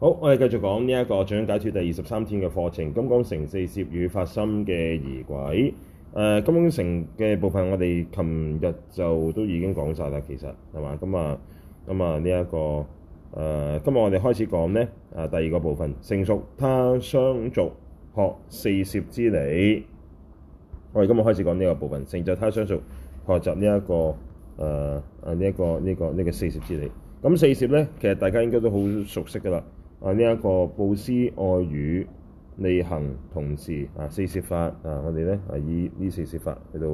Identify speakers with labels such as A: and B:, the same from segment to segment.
A: 好，我哋繼續講呢一個《想解脫第二十三天》嘅課程，金剛呃《金剛乘四攝與發心嘅儀軌》。誒，《金剛乘嘅部分我哋琴日就都已經講晒啦，其實係嘛？咁啊，咁啊，呢一個誒，今日、這個呃、我哋開始講咧，啊、呃，第二個部分，成熟他相續學四攝之理。我哋今日開始講呢個部分，成就他相續學習呢一個誒誒呢一個呢、這個呢、這個四攝之理。咁、嗯、四攝咧，其實大家應該都好熟悉噶啦。啊！呢、這、一個布施、愛語、利行、同事啊，四攝法啊，我哋咧啊以呢四攝法去到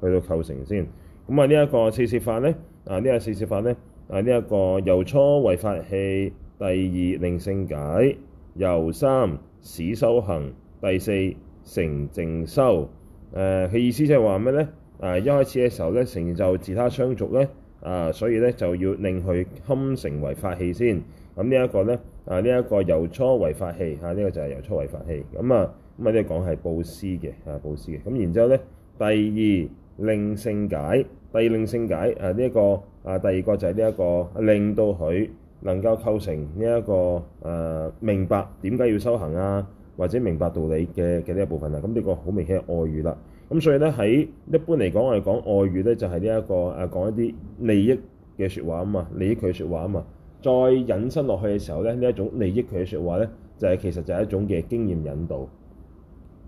A: 去到構成先。咁啊，呢、這、一個四攝法咧啊，呢個四攝法咧啊，呢一個由初為法器，第二令性解，由三始修行，第四成正修。誒、啊，佢意思即係話咩咧？誒、啊，一開始嘅時候咧，成就自他相續咧啊，所以咧就要令佢堪成為法器先。咁呢一個咧，啊呢一、這個由初為法器，嚇、啊、呢、這個就係由初為法器。咁啊，咁、這個、啊啲講係布施嘅，嚇佈施嘅。咁然之後咧，第二令性解，第二令性解，啊呢一、這個啊第二個就係呢一個令到佢能夠構成呢、這、一個誒、啊、明白點解要修行啊，或者明白道理嘅嘅呢一部分啊。咁、這、呢個好明顯係愛語啦。咁、啊、所以咧喺一般嚟講，我哋講愛語咧就係、是、呢、這個啊、一個誒講一啲利益嘅説話啊嘛，利益佢説話啊嘛。再引申落去嘅時候咧，呢一種利益佢嘅説話咧，就係、是、其實就係一種嘅經驗引導，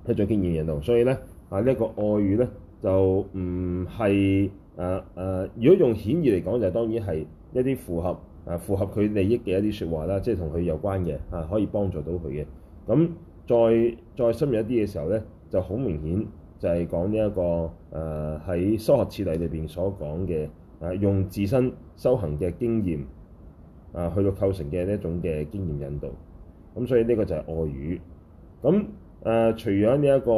A: 一種經驗引導。所以咧啊，呢、這、一個愛語咧就唔係啊啊、呃，如果用顯義嚟講，就當然係一啲符合啊符合佢利益嘅一啲説話啦，即係同佢有關嘅啊，可以幫助到佢嘅。咁再再深入一啲嘅時候咧，就好明顯就係講呢、這、一個啊喺修學次第裏邊所講嘅啊，用自身修行嘅經驗。啊，去到構成嘅一種嘅經驗引導，咁所以呢個就係愛語。咁誒、呃，除咗呢一個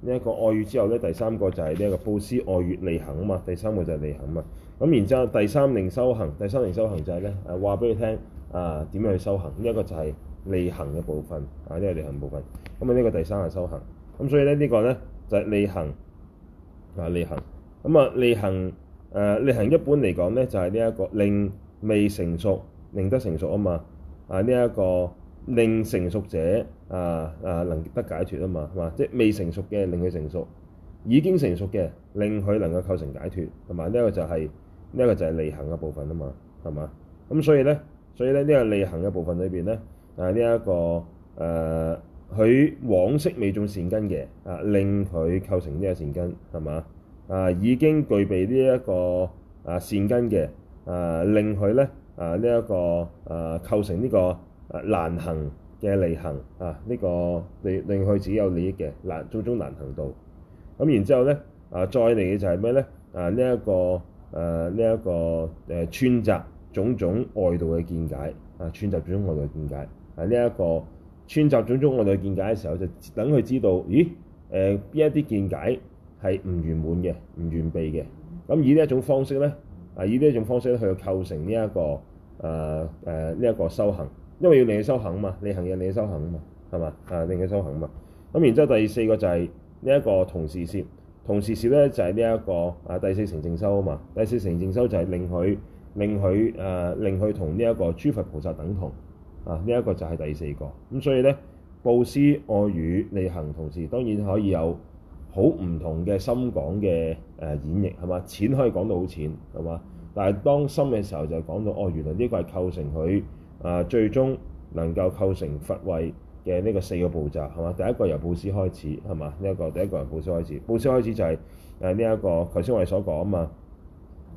A: 呢一、這個愛語之後咧，第三個就係呢一個布施愛語利行啊嘛。第三個就係利行啊嘛。咁然之後第三令修行，第三令修行就係咧誒話俾你聽啊點、呃、樣去修行。呢一個就係利行嘅部分啊，呢個利行部分。咁啊，呢、啊這個第三係修行。咁所以咧呢、這個咧就係、是、利行啊，利行。咁啊，利行誒利行一般嚟講咧就係呢一個令未成熟。令得成熟啊嘛！啊呢一個令成熟者啊啊能得解脫啊嘛，係嘛？即係未成熟嘅令佢成熟，已經成熟嘅令佢能夠構成解脫，同埋呢一個就係呢一個就係利行嘅部分啊嘛，係嘛？咁所以咧，所以咧呢個利行嘅部分裏邊咧啊呢一個誒，佢、啊、往昔未種善根嘅啊，令佢構成呢個善根係嘛？啊，啊已經具備呢一個啊善根嘅啊，令佢咧。啊啊！呢、這、一個啊構成呢個難行嘅利行啊，呢、這個令令佢自己有利益嘅難，種種難行道。咁、啊、然之後咧啊，再嚟嘅就係咩咧？啊呢一、這個啊呢一、這個誒穿雜種種外道嘅見解啊，穿雜種種外道嘅見解啊，呢一個穿雜種種外道嘅見解嘅時候，就等佢知道，咦誒邊一啲見解係唔完滿嘅、唔完備嘅。咁、啊、以呢一種方式咧啊，以呢一種方式咧，佢、啊、就構成呢、這、一個。誒誒呢一個修行，因為要令佢修行嘛，利行令佢修行嘛，係嘛？誒、啊、令佢修行嘛。咁然之後第四個就係呢一個同事攝，同事攝咧就係呢一個啊第四成正修啊嘛。第四成正修就係令佢令佢誒、啊、令佢同呢一個諸佛菩薩等同啊。呢、這、一個就係第四個。咁、啊、所以咧，布施愛語利行同事，當然可以有好唔同嘅深廣嘅誒演繹係嘛？淺可以講到好淺係嘛？但係當心嘅時候就講到哦，原來呢個係構成佢啊、呃、最終能夠構成佛位嘅呢個四個步驟係嘛？第一個由佈施開始係嘛？呢一、這個第一個由佈施開始，佈施開始就係誒呢一個，頭先我哋所講啊嘛，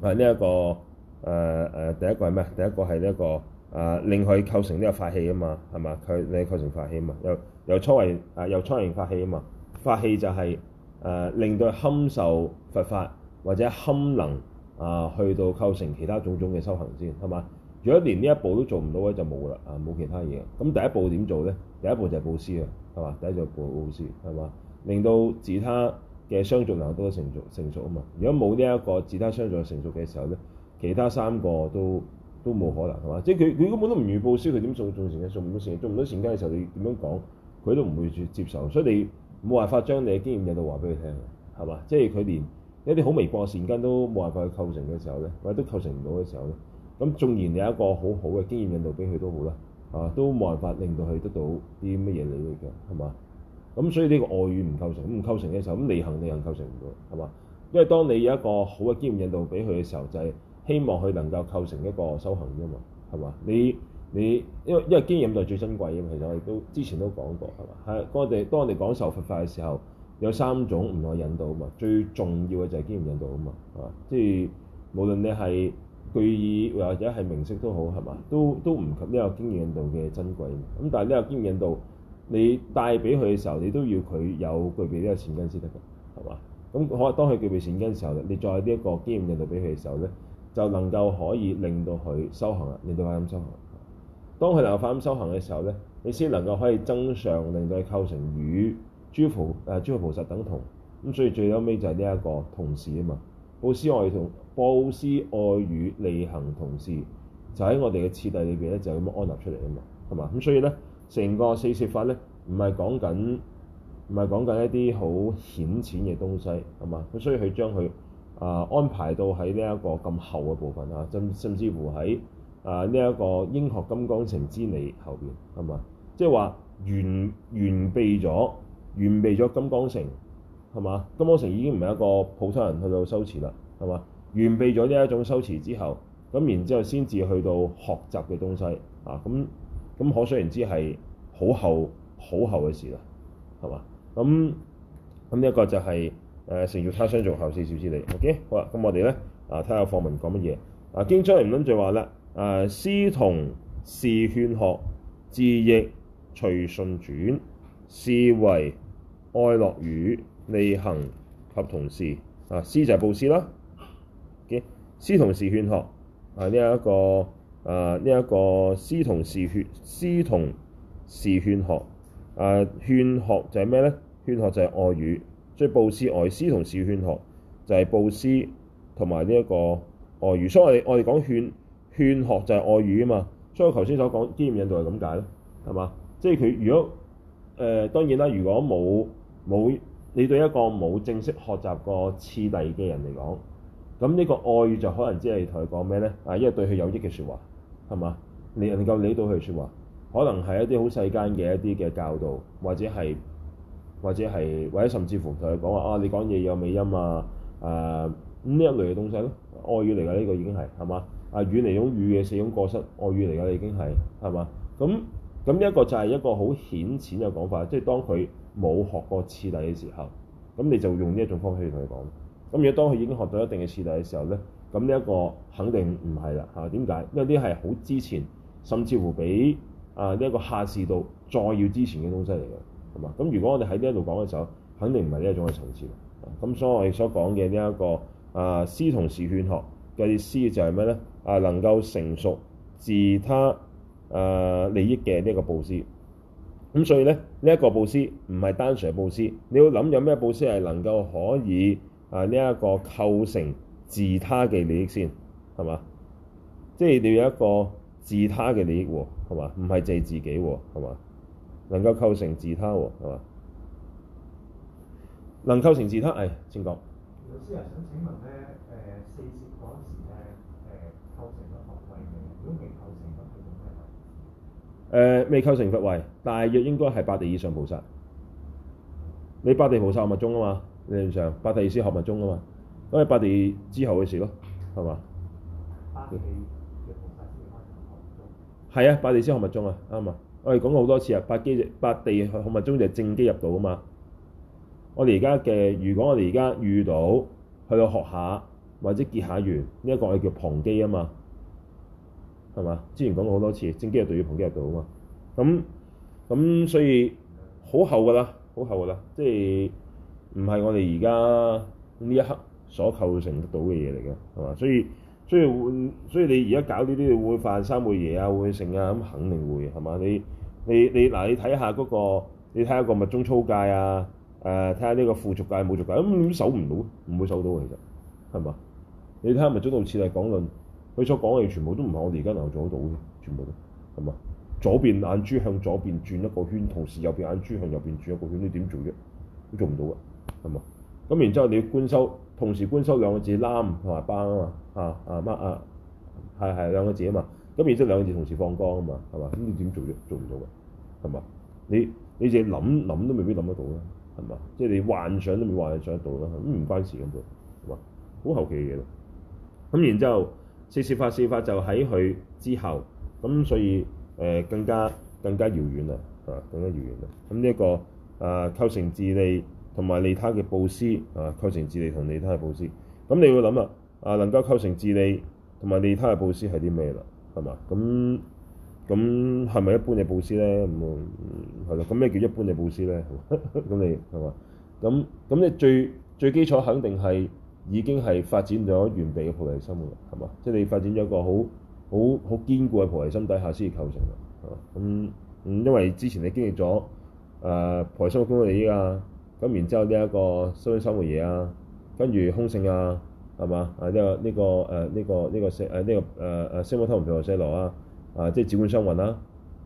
A: 係呢一個誒誒第一個係咩？第一個係呢一個啊、這個呃、令佢構成呢個法器啊嘛，係嘛？佢你構成法器啊嘛？由由初位啊、呃、由初位法器啊嘛，法器就係、是、誒、呃、令到佢堪受佛法或者堪能。啊，去到構成其他種種嘅修行先，係嘛？如果連呢一步都做唔到咧，就冇啦啊，冇其他嘢。咁第一步點做咧？第一步就係佈施啊，係嘛？第一就佈佈施，係嘛？令到自他嘅相續能夠多成熟成熟啊嘛。如果冇呢一個自他相續成熟嘅時候咧，其他三個都都冇可能，係嘛？即係佢佢根本都唔願意佈施，佢點送送錢嘅？送唔到錢做唔到錢嘅時候，你點樣講？佢都唔會接受，所以你冇辦法將你嘅經驗引到話俾佢聽啊，係嘛？即係佢連。一啲好微薄嘅善根都冇辦法去構成嘅時候咧，或者都構成唔到嘅時候咧，咁縱然你有一個好好嘅經驗引導俾佢都好啦，啊都冇辦法令到佢得到啲乜嘢利益嘅，係嘛？咁所以呢個外緣唔構成，唔構成嘅時候，咁利行利行構成唔到，係嘛？因為當你有一個好嘅經驗引導俾佢嘅時候，就係希望佢能夠構成一個修行啫嘛，係嘛？你你因為因為經驗引導係最珍貴嘅，其實我哋都之前都講過，係嘛？係當我哋當我哋講受佛法嘅時候。有三種唔同嘅引導啊嘛，最重要嘅就係經驗引導啊嘛，係嘛？即係無論你係具意或者係名色都好，係嘛？都都唔及呢個經驗引導嘅珍貴。咁但係呢個經驗引導，你帶俾佢嘅時候，你都要佢有具備呢個善根先得㗎，係嘛？咁可當佢具備善根嘅時候，你再呢一個經驗引導俾佢嘅時候咧，就能夠可以令到佢修行啊，令到佢咁修行。當佢能夠咁修行嘅時候咧，你先能夠可以增上，令到佢構成與。諸菩誒、呃、諸菩薩等同咁、嗯，所以最，最後尾就係呢一個同事啊嘛。布施愛同布施愛與利行同事，就喺我哋嘅次第裏邊咧，就咁安納出嚟啊嘛，係嘛咁？所以咧，成個四攝法咧，唔係講緊唔係講緊一啲好顯淺嘅東西啊嘛。咁所以佢將佢啊、呃、安排到喺呢一個咁後嘅部分啊，甚甚至乎喺啊呢一、個英學金剛城之理後邊係嘛，即係話完完備咗、嗯。完備咗金剛乘，係嘛？金剛乘已經唔係一個普通人去到修持啦，係嘛？完備咗呢一種修持之後，咁然之後先至去到學習嘅東西，啊，咁咁可想而知係好後好後嘅事啦，係嘛？咁咁一個就係、是、誒、呃，成熟他相續學四攝之理，OK，好啦，咁我哋咧啊，睇下課文講乜嘢啊，經莊嚴論就話啦，啊，施同示勸學，自亦隨順轉，是為愛樂語，利行及同事啊，施就係佈施啦。嘅施同示勸學啊，呢一個啊，呢一個施同示勸施同示勸學啊，勸學就係咩咧？勸學就係愛語，所以佈施愛施同示勸學就係佈施同埋呢一個愛語。所以我哋我哋講勸勸學就係愛語啊嘛。所以我頭先所講經驗引導係咁解咯，係嘛？即係佢如果誒、呃、當然啦，如果冇。冇，你對一個冇正式學習過次第嘅人嚟講，咁呢個愛語就可能只係同佢講咩咧？啊，因為對佢有益嘅説話，係嘛？你能夠理到佢説話，可能係一啲好世間嘅一啲嘅教導，或者係，或者係，或者甚至乎同佢講話啊，你講嘢有美音啊，誒、啊，呢一類嘅東西咯，愛語嚟㗎呢個已經係，係嘛？啊，遠離種語嘅四種過失，愛語嚟㗎已經係，係嘛？咁，咁呢一個就係一個好顯淺嘅講法，即係當佢。冇學過次第嘅時候，咁你就用呢一種方法去同佢講。咁如果當佢已經學到一定嘅次第嘅時候咧，咁呢一個肯定唔係啦嚇。點、啊、解？因為呢係好之前，甚至乎比啊呢一、這個下士道再要之前嘅東西嚟嘅，係嘛？咁如果我哋喺呢一度講嘅時候，肯定唔係呢一種嘅層次。咁、啊、所以我哋所講嘅呢一個啊施同示勸學嘅意思就係咩咧？啊，呢啊能夠成熟自他誒、啊、利益嘅呢一個佈施。咁所以咧，呢一個佈施唔係單純嘅佈施，你要諗有咩佈施係能夠可以啊呢一個構成自他嘅利益先，係嘛？即係你要有一個自他嘅利益喎，係嘛？唔係借自己喎，係嘛？能夠構成自他喎，係嘛？能構成自他，誒，請講。老師啊，想請問咧，誒四攝嗰陣時咧，誒構成嘅學位係點嚟？誒、呃、未構成佛位，大約應該係八地以上菩薩。你八地菩薩學密宗啊嘛？理論上，八地先學密宗啊嘛，都係八地之後嘅事咯，係嘛？係啊地是，八地先學密宗啊，啱啊！我哋講過好多次啊，八地八地學密宗就係正機入道啊嘛。我哋而家嘅，如果我哋而家遇到去到學下或者結下緣，呢、這、一個係叫旁機啊嘛。係嘛？之前講過好多次，正機日度與盤機日度啊嘛。咁咁所以好厚㗎啦，好厚㗎啦，即係唔係我哋而家呢一刻所構成得到嘅嘢嚟嘅，係嘛？所以所以所以，所以你而家搞呢啲會犯三昧耶啊，會剩啊，咁肯定會，係嘛？你你你嗱，你睇下嗰個，你睇下、那個、個密宗操界啊，誒、呃，睇下呢個附族界冇族界，咁、嗯、守唔到，唔會守到其實，係嘛？你睇下密宗道次第廣論。佢所講嘅嘢全部都唔係我哋而家能夠做得到嘅，全部都係嘛？左邊眼珠向左邊轉一個圈，同時右邊眼珠向右邊轉一個圈，你點做啫？都做唔到嘅，係嘛？咁然之後你要觀修，同時觀修兩個字攬同埋班啊嘛，啊啊乜啊，係、啊、係、啊啊、兩個字啊嘛。咁然之後兩個字同時放光啊嘛，係嘛？咁你點做啫？做唔到嘅，係嘛？你你自己諗諗都未必諗得到啦，係嘛？即係你幻想都未幻想得到啦，咁唔關事咁噉，係、嗯、嘛？好後期嘅嘢咯，咁然之後。四攝法，四法就喺佢之後，咁所以誒、呃、更加更加遙遠啦，啊更加遙遠啦。咁呢一個啊構成自利同埋利他嘅布施，啊構成自利同利他嘅布施。咁你會諗啦，啊能夠構成自利同埋利他嘅布施係啲咩啦？係嘛？咁咁係咪一般嘅布施咧？咁係咯，咁咩叫一般嘅布施咧？咁 你係嘛？咁咁你最最基礎肯定係。已經係發展咗完備嘅菩提心嘅，係嘛？即、就、係、是、你發展咗一個好好好堅固嘅菩提心底下先至構成嘅，嚇咁咁。因為之前你經歷咗誒菩提心嘅功德，你依家咁，然之後呢一個修養心嘅嘢啊，跟住空性啊，係嘛？啊呢、這個呢、這個誒呢、呃這個呢、這個誒呢、啊這個誒誒釋摩偷羅菩提舍羅啊，啊，啊即係指管雙運啦，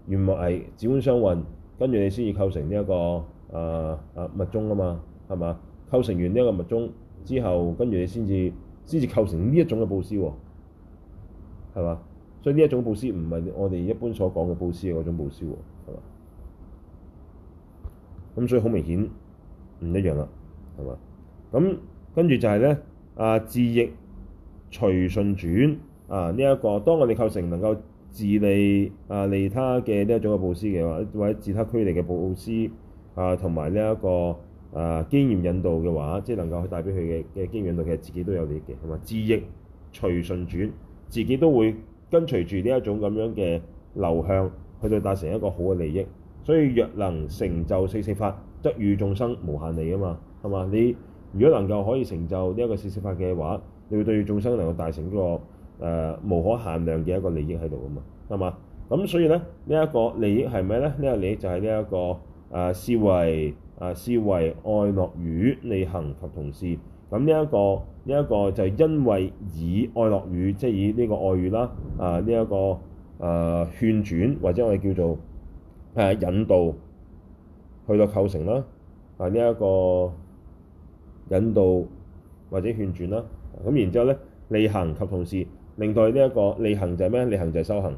A: 原來係止觀雙運，跟住你先至構成呢、這、一個誒誒密宗啊嘛，係、啊、嘛、啊啊？構成完呢、這、一個密宗。啊啊啊啊啊啊之後，跟住你先至先至構成呢一種嘅報銷喎，係嘛？所以呢一種報銷唔係我哋一般所講嘅報銷嘅嗰種報銷，係嘛？咁所以好明顯唔一樣啦，係嘛？咁跟住就係咧，啊自亦隨順轉啊呢一個，當我哋構成能夠自利啊利他嘅呢一種嘅報銷嘅話，或者自他距離嘅報報銷啊同埋呢一個。誒、呃、經驗引導嘅話，即係能夠去帶俾佢嘅嘅經驗引導，其實自己都有利益嘅，係嘛？自亦隨順轉，自己都會跟隨住呢一種咁樣嘅流向，去到達成一個好嘅利益。所以若能成就四攝法，則與眾生無限利啊嘛，係嘛？你如果能夠可以成就呢一個四攝法嘅話，你會對眾生能夠達成一個誒、呃、無可限量嘅一個利益喺度啊嘛，係嘛？咁所以咧，呢、這、一個利益係咩咧？呢、這個利益就係呢一個誒、呃、思維。啊，是為愛樂語，利行及同事。咁呢一個呢一個，這個就因為以愛樂語，即係以呢個愛語啦。啊，呢一個啊勸轉或者我哋叫做誒引導去到構成啦。啊，這個，呢一個引導或者勸轉啦。咁然之後咧，利行及同事。另外呢一個利行就係咩？利行就係修行。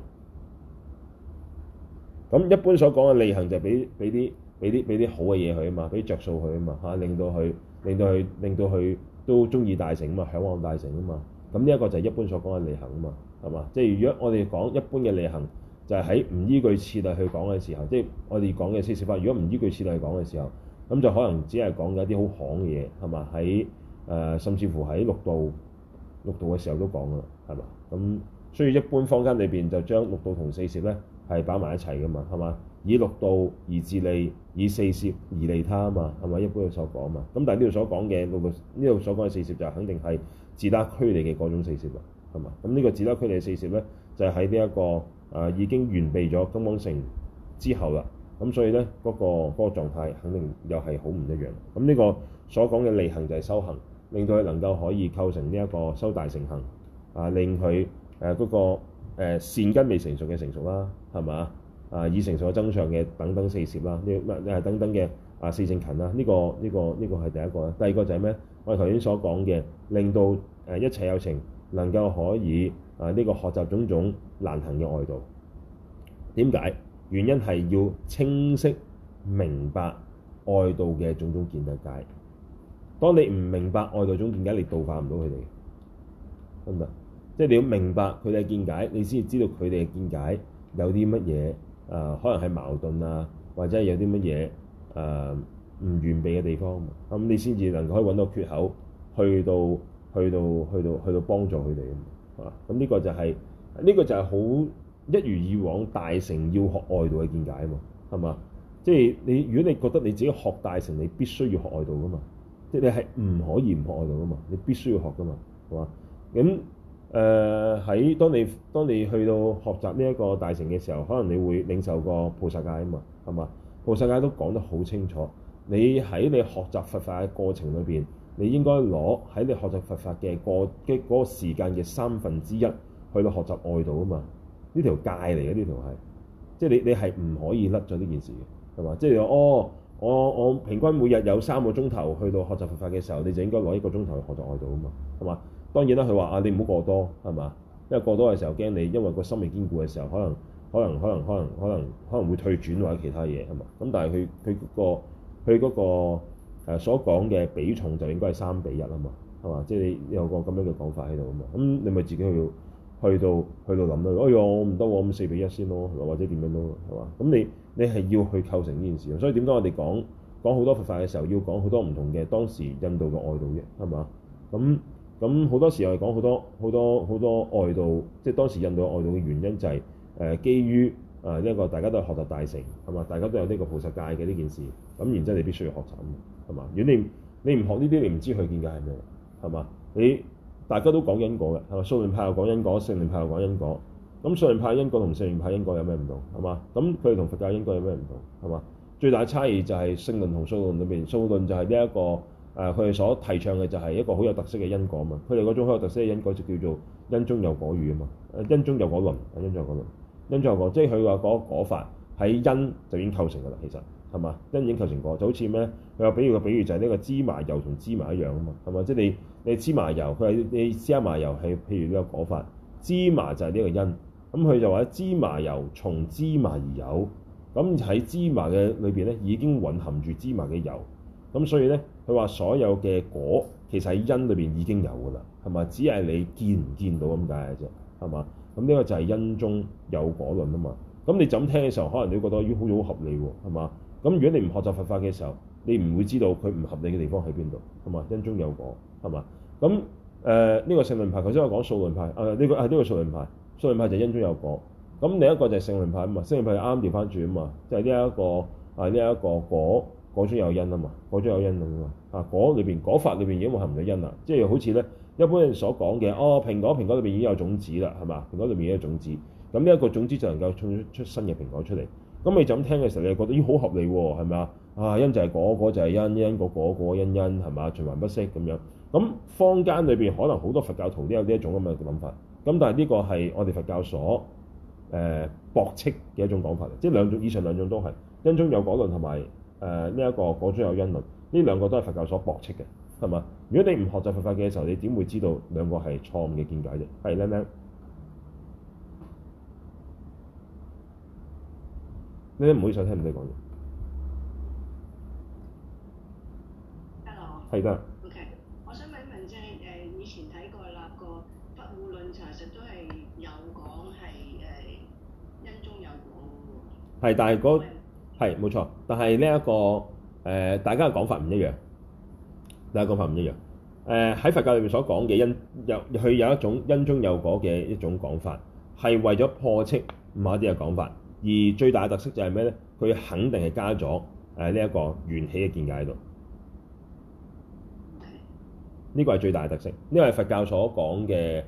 A: 咁一般所講嘅利行就係俾俾啲。俾啲俾啲好嘅嘢佢啊嘛，俾啲着數佢啊嘛嚇，令到佢令到佢令到佢都中意大乘啊嘛，嚮往大乘啊嘛。咁呢一個就係一般所講嘅利行啊嘛，係嘛？即係如果我哋講一般嘅利行，就係喺唔依據次第去講嘅時候，即、就、係、是、我哋講嘅四攝法，如果唔依據次第去講嘅時候，咁就可能只係講緊一啲好巷嘅嘢，係嘛？喺誒、呃、甚至乎喺六度、六度嘅時候都講啦，係嘛？咁所以一般坊間裏邊就將六度同四攝咧係擺埋一齊嘅嘛，係嘛？以六度而自利，以四攝而利他啊嘛，係咪一般所講嘛？咁但係呢度所講嘅六度，呢度所講嘅四攝就肯定係自得距離嘅嗰種四攝啦，係嘛？咁呢個自他距離四攝咧，就係喺呢一個啊、呃、已經完備咗金剛乘之後啦，咁所以咧嗰、嗰個嗰、嗰個狀態肯定又係好唔一樣。咁呢個所講嘅利行就係修行，令到佢能夠可以構成呢一個修大乘行啊，令佢誒嗰個、呃、善根未成熟嘅成熟啦，係嘛？啊！已成熟嘅增長嘅等等四攝啦，你唔係你係等等嘅啊四正勤啦。呢、這個呢、這個呢、這個係第一個啦。第二個就係咩？我哋頭先所講嘅，令到誒一切有情能夠可以啊呢、這個學習種種難行嘅愛道。點解？原因係要清晰明白愛道嘅種種見得解。當你唔明白愛道種見解，你道化唔到佢哋得唔得？即係你要明白佢哋嘅見解，你先至知道佢哋嘅見解有啲乜嘢。誒可能係矛盾啊，或者有啲乜嘢誒唔完備嘅地方，咁、嗯、你先至能夠可以揾到缺口，去到去到去到去到幫助佢哋啊！咁、嗯、呢、嗯這個就係、是、呢、這個就係好一如以往大乘要學外道嘅見解啊嘛，係嘛？即係你如果你覺得你自己學大乘，你必須要學外道㗎嘛，即係你係唔可以唔學外道㗎嘛，你必須要學㗎嘛，係嘛？咁 them 誒喺、呃、當你當你去到學習呢一個大乘嘅時候，可能你會領受個菩薩戒啊嘛，係嘛？菩薩戒都講得好清楚，你喺你學習佛法嘅過程裏邊，你應該攞喺你學習佛法嘅過即嗰、那個時間嘅三分之一去到學習外道啊嘛，呢條戒嚟嘅呢條係，即係你你係唔可以甩咗呢件事嘅，係嘛？即係哦，我我平均每日有三個鐘頭去到學習佛法嘅時候，你就應該攞一個鐘頭去學習外道啊嘛，係嘛？當然啦，佢話啊，你唔好過多，係嘛？因為過多嘅時候，驚你因為個心未堅固嘅時候，可能可能可能可能可能可能會退轉或者其他嘢，係嘛？咁但係佢佢個佢嗰、嗰個、呃、所講嘅比重就應該係三比一啊嘛，係嘛？即係你有個咁樣嘅講法喺度啊嘛。咁你咪自己去去到去到諗啦。哎呀，我唔得喎，咁四比一先咯，或者點樣咯，係嘛？咁你你係要去構成呢件事，所以點解我哋講講好多佛法嘅時候要講好多唔同嘅當時印度嘅外道嘅，係嘛？咁。嗯咁好多時我哋講好多好多好多外道，即係當時印度外道嘅原因就係、是、誒、呃、基於誒呢一個大家都係學習大乘係嘛，大家都有呢個菩薩戒嘅呢件事，咁然之後你必須要學習，係嘛？如果你你唔學呢啲，你唔知佢見解係咩，係嘛？你，你大家都講因果嘅，係嘛？數論派又講因果，勝論派又講因果。咁數論派因果同勝論派因果有咩唔同？係嘛？咁佢哋同佛教因果有咩唔同？係嘛？最大差異就係勝論同數論裏邊，數論就係呢一個。誒，佢哋、啊、所提倡嘅就係一個好有特色嘅因果嘛。佢哋嗰種好有特色嘅因果就叫做因中有果語啊嘛，誒因中有果輪，因中有果輪，因中有果，因中有果，即係佢話嗰個果法喺因就已經構成㗎啦。其實係嘛，因已經構成果就好似咩？佢話比喻嘅比喻就係、是、呢個芝麻油同芝麻一樣啊嘛，係嘛？即係你你芝麻油，佢係你芝麻油係譬如呢個果法，芝麻就係呢個因咁，佢就話芝麻油從芝麻而有咁喺芝麻嘅裏邊咧已經隱含住芝麻嘅油咁，所以咧。佢話：所有嘅果其實喺因裏邊已經有㗎啦，係嘛？只係你見唔見到咁解嘅啫，係嘛？咁呢個就係因中有果論啊嘛。咁你就咁聽嘅時候，可能你會覺得咦，好似好合理喎，係嘛？咁如果你唔學習佛法嘅時候，你唔會知道佢唔合理嘅地方喺邊度，係嘛？因中有果，係嘛？咁誒呢個勝論派，頭先我講數論派，誒呢個係呢個數論派，數論派就因中有果。咁另一個就係勝論派啊嘛，勝論派啱調翻轉啊嘛，就係呢一個啊，呢一個果果中有因啊嘛，果中有因啊嘛。啊！果，裏邊果法裏邊已經冇含到因啦，即係好似咧一般人所講嘅哦。蘋果，蘋果裏邊已經有種子啦，係嘛？蘋果裏邊已經有種子咁，呢一個種子就能夠催生出新嘅蘋果出嚟。咁你就咁聽嘅時候，你又覺得咦，好合理喎，係咪啊？啊，因就係果，果就係因，因果果果因因，係嘛？循環不息咁樣。咁坊間裏邊可能好多佛教徒都有呢一種咁嘅諗法。咁但係呢個係我哋佛教所誒駁、呃、斥嘅一種講法，即係兩種，以上兩種都係因中有果論同埋誒呢一個果中有因論。呢兩個都係佛教所駁斥嘅，係嘛？如果你唔學習佛法嘅時候，你點會知道兩個係錯誤嘅見解啫？係靚靚，靚靚唔好意思啊，聽唔聽講嘢 Hello，係噶的。OK，我想問一問即係，誒以前睇過《立個不護論》查實都係有講係誒因中有果。係，但係嗰係冇錯，但係呢一個。誒、呃，大家嘅講法唔一樣，大家講法唔一樣。誒、呃，喺佛教裏面所講嘅因有，佢有一種因中有果嘅一種講法，係為咗破斥某一啲嘅講法。而最大嘅特色就係咩咧？佢肯定係加咗誒呢一個緣起嘅見解喺度。呢、這個係最大嘅特色，呢、這個係佛教所講嘅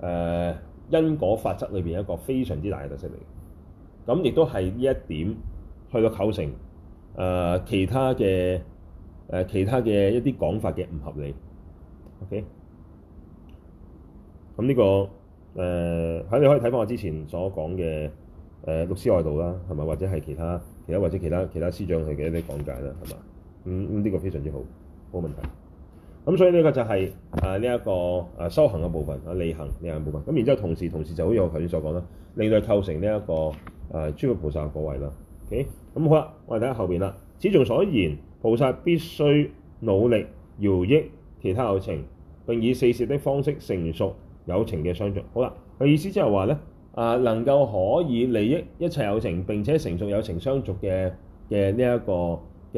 A: 誒因果法則裏邊一個非常之大嘅特色嚟。咁亦都係呢一點去到構成。誒、呃、其他嘅誒、呃、其他嘅一啲講法嘅唔合理，OK？咁、嗯、呢、這個誒喺、呃、你可以睇翻我之前所講嘅誒六師外道啦，係咪？或者係其他其他或者其他其他師長佢嘅一啲講解啦，係嘛？嗯呢、嗯這個非常之好，冇問題。咁、嗯、所以呢個就係誒呢一個誒、呃、修行嘅部分，啊、呃、利行呢個部分。咁然之後同時同時就好似我頭先所講啦，令到構成呢、這、一個誒諸佛菩薩個位啦。呃咁、okay? 好啦，我哋睇下後邊啦。此頌所言，菩薩必須努力饒益其他有情，並以四攝的方式成熟有情嘅相續。好啦，佢、這個、意思即係話咧，啊、呃、能夠可以利益一切有情並且成熟有情相續嘅嘅呢一個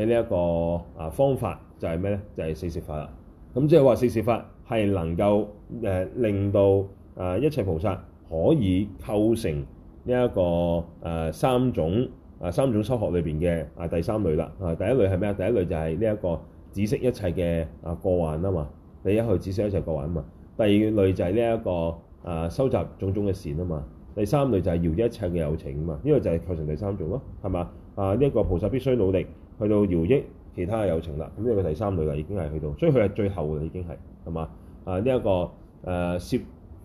A: 嘅呢一個啊方法就係咩咧？就係、是、四攝法啦。咁即係話四攝法係能夠誒、呃、令到啊、呃、一切菩薩可以構成呢、這、一個啊、呃、三種。啊，三種修學裏邊嘅啊，第三類啦，啊，第一類係咩啊？第一類就係呢一個止息一切嘅啊過患啊嘛，第一個止息一切過患啊嘛。第二類就係呢一個啊收集種種嘅善啊嘛。第三類就係饒益一切嘅有情啊嘛，呢、這個就係構成第三種咯，係嘛？啊呢一、這個菩薩必須努力去到饒益其他嘅有情啦，咁、啊、呢、這個第三類啦，已經係去到，所以佢係最後嘅已經係係嘛？啊呢一、這個誒攝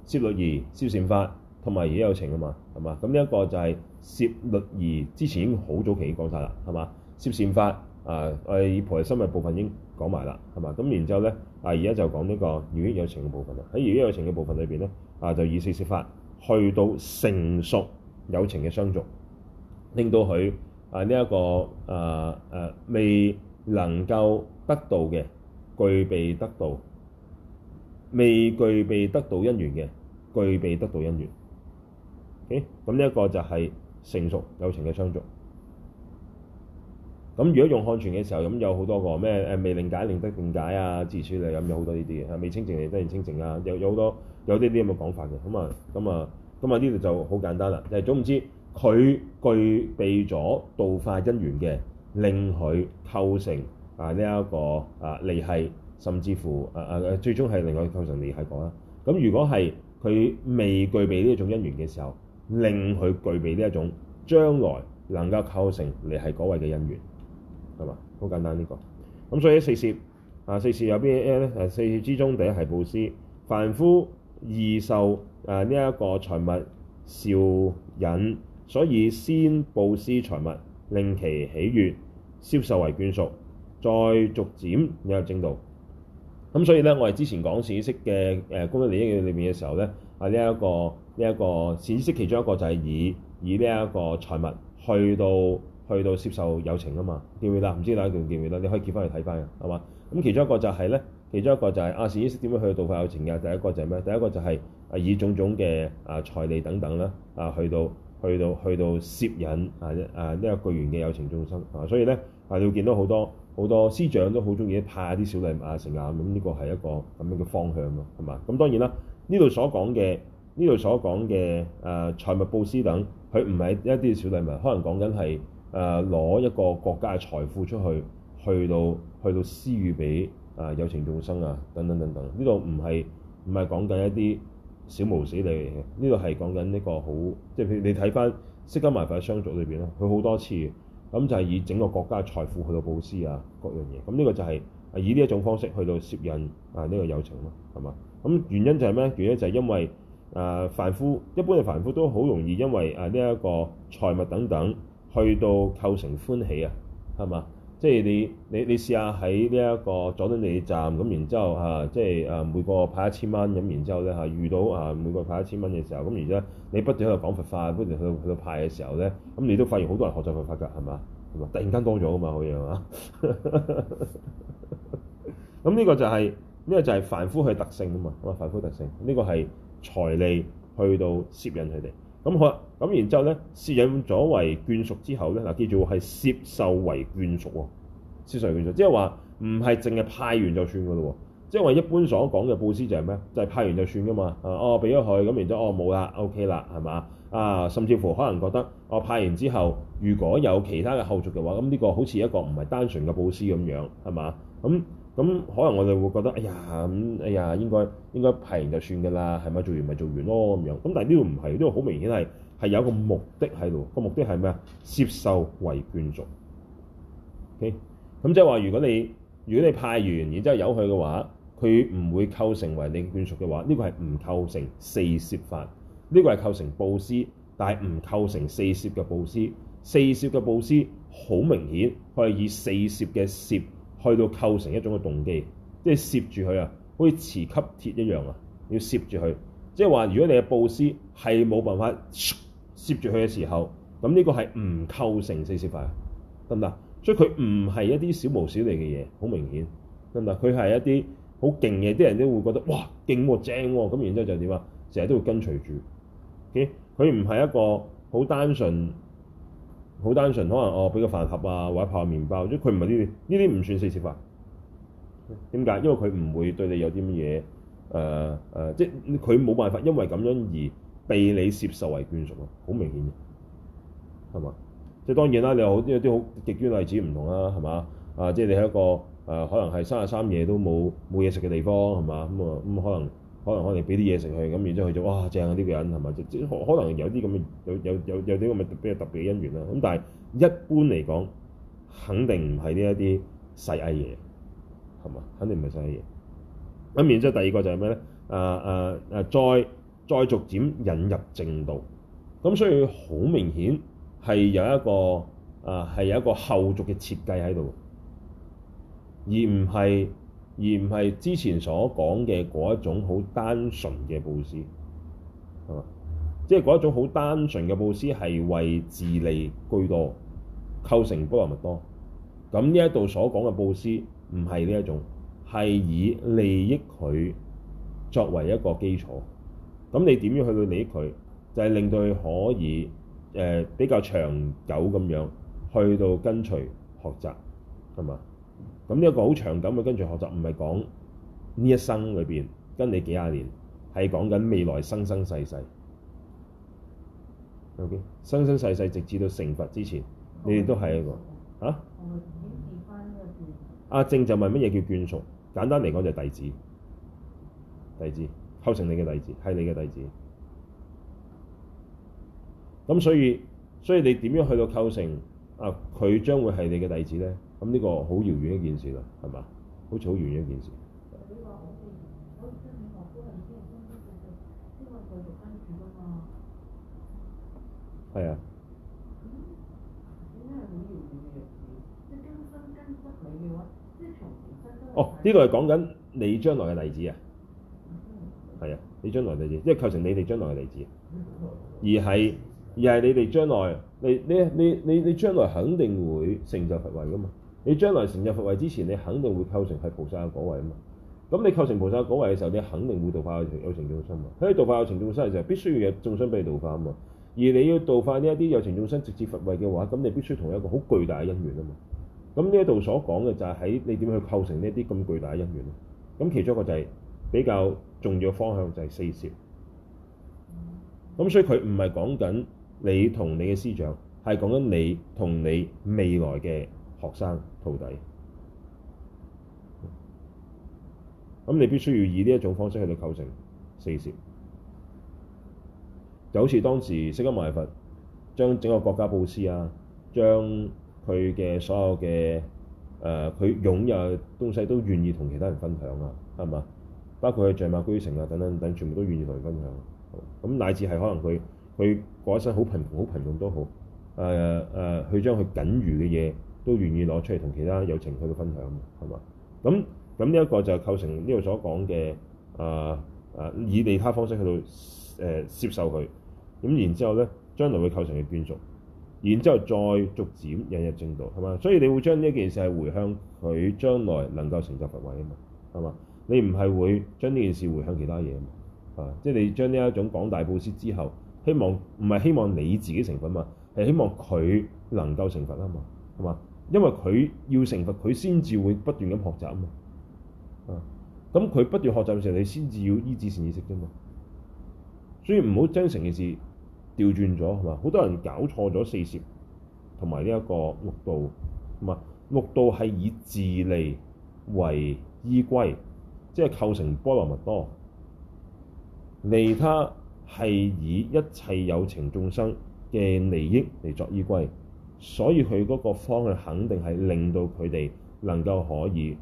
A: 攝律儀攝善法。同埋而家有情啊嘛，係嘛？咁呢一個就係攝律儀之前已經好早期講晒啦，係嘛？攝善法啊，係菩提心嘅部分已經講埋啦，係嘛？咁然之後咧啊，而家就講呢個饒益有情嘅部分啦。喺饒益有情嘅部分裏邊咧啊，就以四攝法去到成熟有情嘅相續，令到佢啊呢一個啊誒、啊、未能夠得到嘅具備得到，未具備得到因緣嘅具備得到因緣。o 咁呢一個就係成熟有情嘅相續。咁如果用漢傳嘅時候，咁有好多個咩誒未領解、領得領解啊、自書理，咁有好多呢啲嘅，係未清淨亦都然清淨啦，有有好多有呢啲咁嘅講法嘅。咁啊，咁啊，咁啊，呢度就好簡單啦。誒，總唔知佢具備咗道化因緣嘅，令佢構成啊呢一個啊利係，甚至乎誒誒、啊、最終係另外構成利係講啦。咁如果係佢未具備呢一種因緣嘅時候，令佢具備呢一種將來能夠構成你係嗰位嘅因緣，係嘛？好簡單呢、這個。咁所以四攝啊，四攝有邊一咧？誒、啊，四攝之中第一係佈施，凡夫易受誒呢一個財物誘引，所以先佈施財物，令其喜悅，攝受為眷屬，再逐漸引入正道。咁所以咧，我哋之前講此式嘅誒功德利益裏面嘅時候咧，啊呢一、這個。呢、這個、一個善知識，其中一個就係以以呢一個財物去到去到攝受有情啊嘛，見唔見到？唔知大家見唔見到？你可以結翻去睇翻嘅係嘛。咁其中一個就係咧，其中一個就係啊善知識點樣去度化有情嘅？第一個就係咩？第一個就係、是、啊以種種嘅啊財利等等啦啊，去到去到去到攝引啊啊呢、這個巨源嘅有情眾生。啊，所以咧啊，你會見到好多好多師長都好中意派啲小禮物啊成啊咁呢、嗯這個係一個咁樣嘅方向咯，係嘛？咁當然啦，呢度所講嘅。呢度所講嘅誒財物布施等，佢唔係一啲小禮物，可能講緊係誒攞一個國家嘅財富出去，去到去到施與俾啊有情眾生啊等等等等。呢度唔係唔係講緊一啲小無死禮嘅。呢度係講緊呢個好即係譬如你睇翻《釋迦埋佛》嘅相組裏邊咧，佢好多次咁就係以整個國家財富去到布施啊各樣嘢。咁呢個就係、是、啊以呢一種方式去到攝引啊呢、這個有情咯，係嘛？咁原因就係咩？原因就係因為。誒、啊、凡夫一般嘅凡夫都好容易因為誒呢一個財物等等去到構成歡喜啊，係嘛？即係你你你試下喺呢一個佐敦地鐵站咁，然之後嚇、啊，即係誒、啊、每個派一千蚊，咁然之後咧嚇、啊、遇到嚇每個派一千蚊嘅時候，咁、啊、而家你不斷喺度講佛法，不斷去到去到派嘅時候咧，咁你都發現好多人學習佛法㗎，係嘛？係嘛？突然間多咗啊嘛，好似啊，咁呢 個就係、是、呢、這個就係凡夫佢嘅特性啊嘛，咁啊凡夫特性呢、這個係。財利去到攝引佢哋，咁好啦，咁然之後咧，攝引咗為眷屬之後咧，嗱叫做係攝受為眷屬喎，攝受為眷屬，即係話唔係淨係派完就算噶咯喎，即係我一般所講嘅佈施就係咩？就係派完就算噶嘛，啊哦俾咗佢，咁然之後哦冇啦，OK 啦，係嘛？啊甚至乎可能覺得，哦，派完之後如果有其他嘅後續嘅話，咁呢個好似一個唔係單純嘅佈施咁樣，係嘛？咁、嗯。咁可能我哋會覺得，哎呀咁，哎呀應該應該平就算噶啦，係咪做完咪做完咯咁樣？咁但係呢個唔係，呢個好明顯係係有個目的喺度，個目的係咩啊？攝受為眷屬。咁、okay? 即係話，如果你如果你派完，然之後有佢嘅話，佢唔會構成為你眷屬嘅話，呢、這個係唔構成四攝法，呢、這個係構成佈施，但係唔構成四攝嘅佈施。四攝嘅佈施好明顯佢係以，以四攝嘅攝。去到構成一種嘅動機，即係攝住佢啊，好似磁吸鐵一樣啊，要攝住佢。即係話，如果你嘅佈施係冇辦法攝住佢嘅時候，咁呢個係唔構成四攝法，得唔得？所以佢唔係一啲小毛小利嘅嘢，好明顯，得唔得？佢係一啲好勁嘅，啲人都會覺得哇勁喎、啊，正喎、啊，咁然之後就點啊？成日都會跟隨住。佢唔係一個好單純。好單純，可能我俾、哦、個飯盒啊，或者泡麪包，即係佢唔係呢啲，呢啲唔算四攝法。點解？因為佢唔會對你有啲乜嘢誒誒，即係佢冇辦法，因為咁樣而被你攝受為眷屬咯，好明顯嘅，係嘛？即係當然啦，你有好多啲好極端例子唔同啦，係嘛？啊，即係你係一個誒、呃，可能係三十三夜都冇冇嘢食嘅地方，係嘛？咁啊咁可能。可能可能俾啲嘢食佢，咁然之後佢就哇正啊！啲、呢個人係嘛？可能有啲咁嘅有有有有啲咁嘅特別特別嘅因緣啦。咁但係一般嚟講，肯定唔係呢一啲細藝嘢，係嘛？肯定唔係細藝嘢。咁然之後第二個就係咩咧？啊啊啊！再再逐漸引入正道，咁所以好明顯係有一個啊係、呃、有一個後續嘅設計喺度，而唔係。而唔係之前所講嘅嗰一種好單純嘅佈施，即係嗰一種好單純嘅佈施係為自利居多，構成波羅蜜多。咁呢一度所講嘅佈施唔係呢一種，係以利益佢作為一個基礎。咁你點樣去到利益佢？就係、是、令到佢可以誒、呃、比較長久咁樣去到跟隨學習，係嘛？咁呢一個好長咁嘅，跟住學習唔係講呢一生裏邊跟你幾廿年，係講緊未來生生世世。OK，生生世世直至到成佛之前，你哋都係一個吓。阿、啊嗯啊、正就問乜嘢叫眷屬？簡單嚟講就弟子，弟子構成你嘅弟子係你嘅弟子。咁所以所以你點樣去到構成啊？佢將會係你嘅弟子咧？咁呢、嗯，這個好遙遠一件事啦，係嘛？好似好遠一件事。係、嗯、啊。哦，呢度係講緊你將來嘅例子啊。係啊，你將來例子，即係構成你哋將來嘅例子。而係而係你哋將來，你你你你你將來肯定會成就佛位噶嘛？你將來成就佛位之前，你肯定會構成係菩薩嘅果位啊嘛。咁你構成菩薩嘅果位嘅時候，你肯定會度化有情有情眾生啊。喺度化有情眾生嘅時候，必須要有眾生俾你度化啊嘛。而你要度化呢一啲有情眾生直接佛位嘅話，咁你必須同一個好巨大嘅因緣啊嘛。咁呢一度所講嘅就係喺你點樣去構成呢一啲咁巨大嘅因緣咯。咁其中一個就係、是、比較重要方向就係四攝。咁所以佢唔係講緊你同你嘅師長，係講緊你同你未來嘅。學生徒弟，咁你必須要以呢一種方式去到構成四攝，就好似當時釋迦牟尼佛將整個國家布施啊，將佢嘅所有嘅誒，佢、呃、擁有嘅東西都願意同其他人分享啊，係嘛？包括佢象馬居城啊等等等，但全部都願意同佢分享啊。咁乃至係可能佢佢過一生好貧窮、好貧窮都好，誒、呃、誒，佢、呃、將佢僅餘嘅嘢。都願意攞出嚟同其他有情去嘅分享，係嘛？咁咁呢一個就構成呢度所講嘅啊啊，以利他方式去到誒接、呃、受佢，咁然之後咧，將來會構成嘅眷屬，然之後再逐漸引入正道，係嘛？所以你會將呢一件事係回向佢將來能夠成就佛位啊嘛，係嘛？你唔係會將呢件事回向其他嘢啊嘛，即係你將呢一種廣大佈施之後，希望唔係希望你自己成佛嘛，係希望佢能夠成佛啊嘛，係嘛？因為佢要成佛，佢先至會不斷咁學習啊嘛，啊、嗯，咁佢不斷學習嘅時候，你先至要依止善知識啫嘛。所以唔好將成件事調轉咗，係嘛？好多人搞錯咗四攝同埋呢一個六度，係、嗯、嘛？六度係以自利為依歸，即係構成波羅蜜多。利他係以一切有情眾生嘅利益嚟作依歸。所以佢嗰個方向肯定係令到佢哋能夠可以誒、